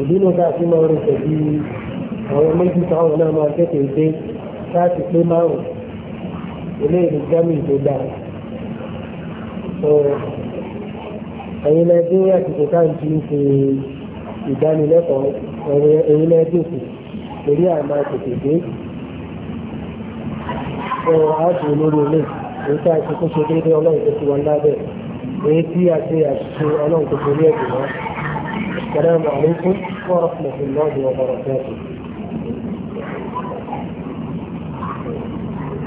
ìdínú tá a ti máa rìn pẹ̀lú àwọn méjì táwọn náà máa tètè dé láti pé márùn ilé ìlú jámì tó dáa ẹ̀yin lẹ́dí àtìkò káàkiri ń fi ìdánilẹ́kọ̀ọ́ ẹ̀yin lẹ́dí òkú torí àmà tètè dé ọ̀ á lórí ilé èyí tí a ṣe kó ṣe déédéé ọlọ́run tó ti wà lábẹ́ èyí tí a ṣe àṣìṣe ọlọ́run tó ṣe ní ẹ̀dùn náà. Assalamu alaikum wa rahmatullahi wa barakatuh.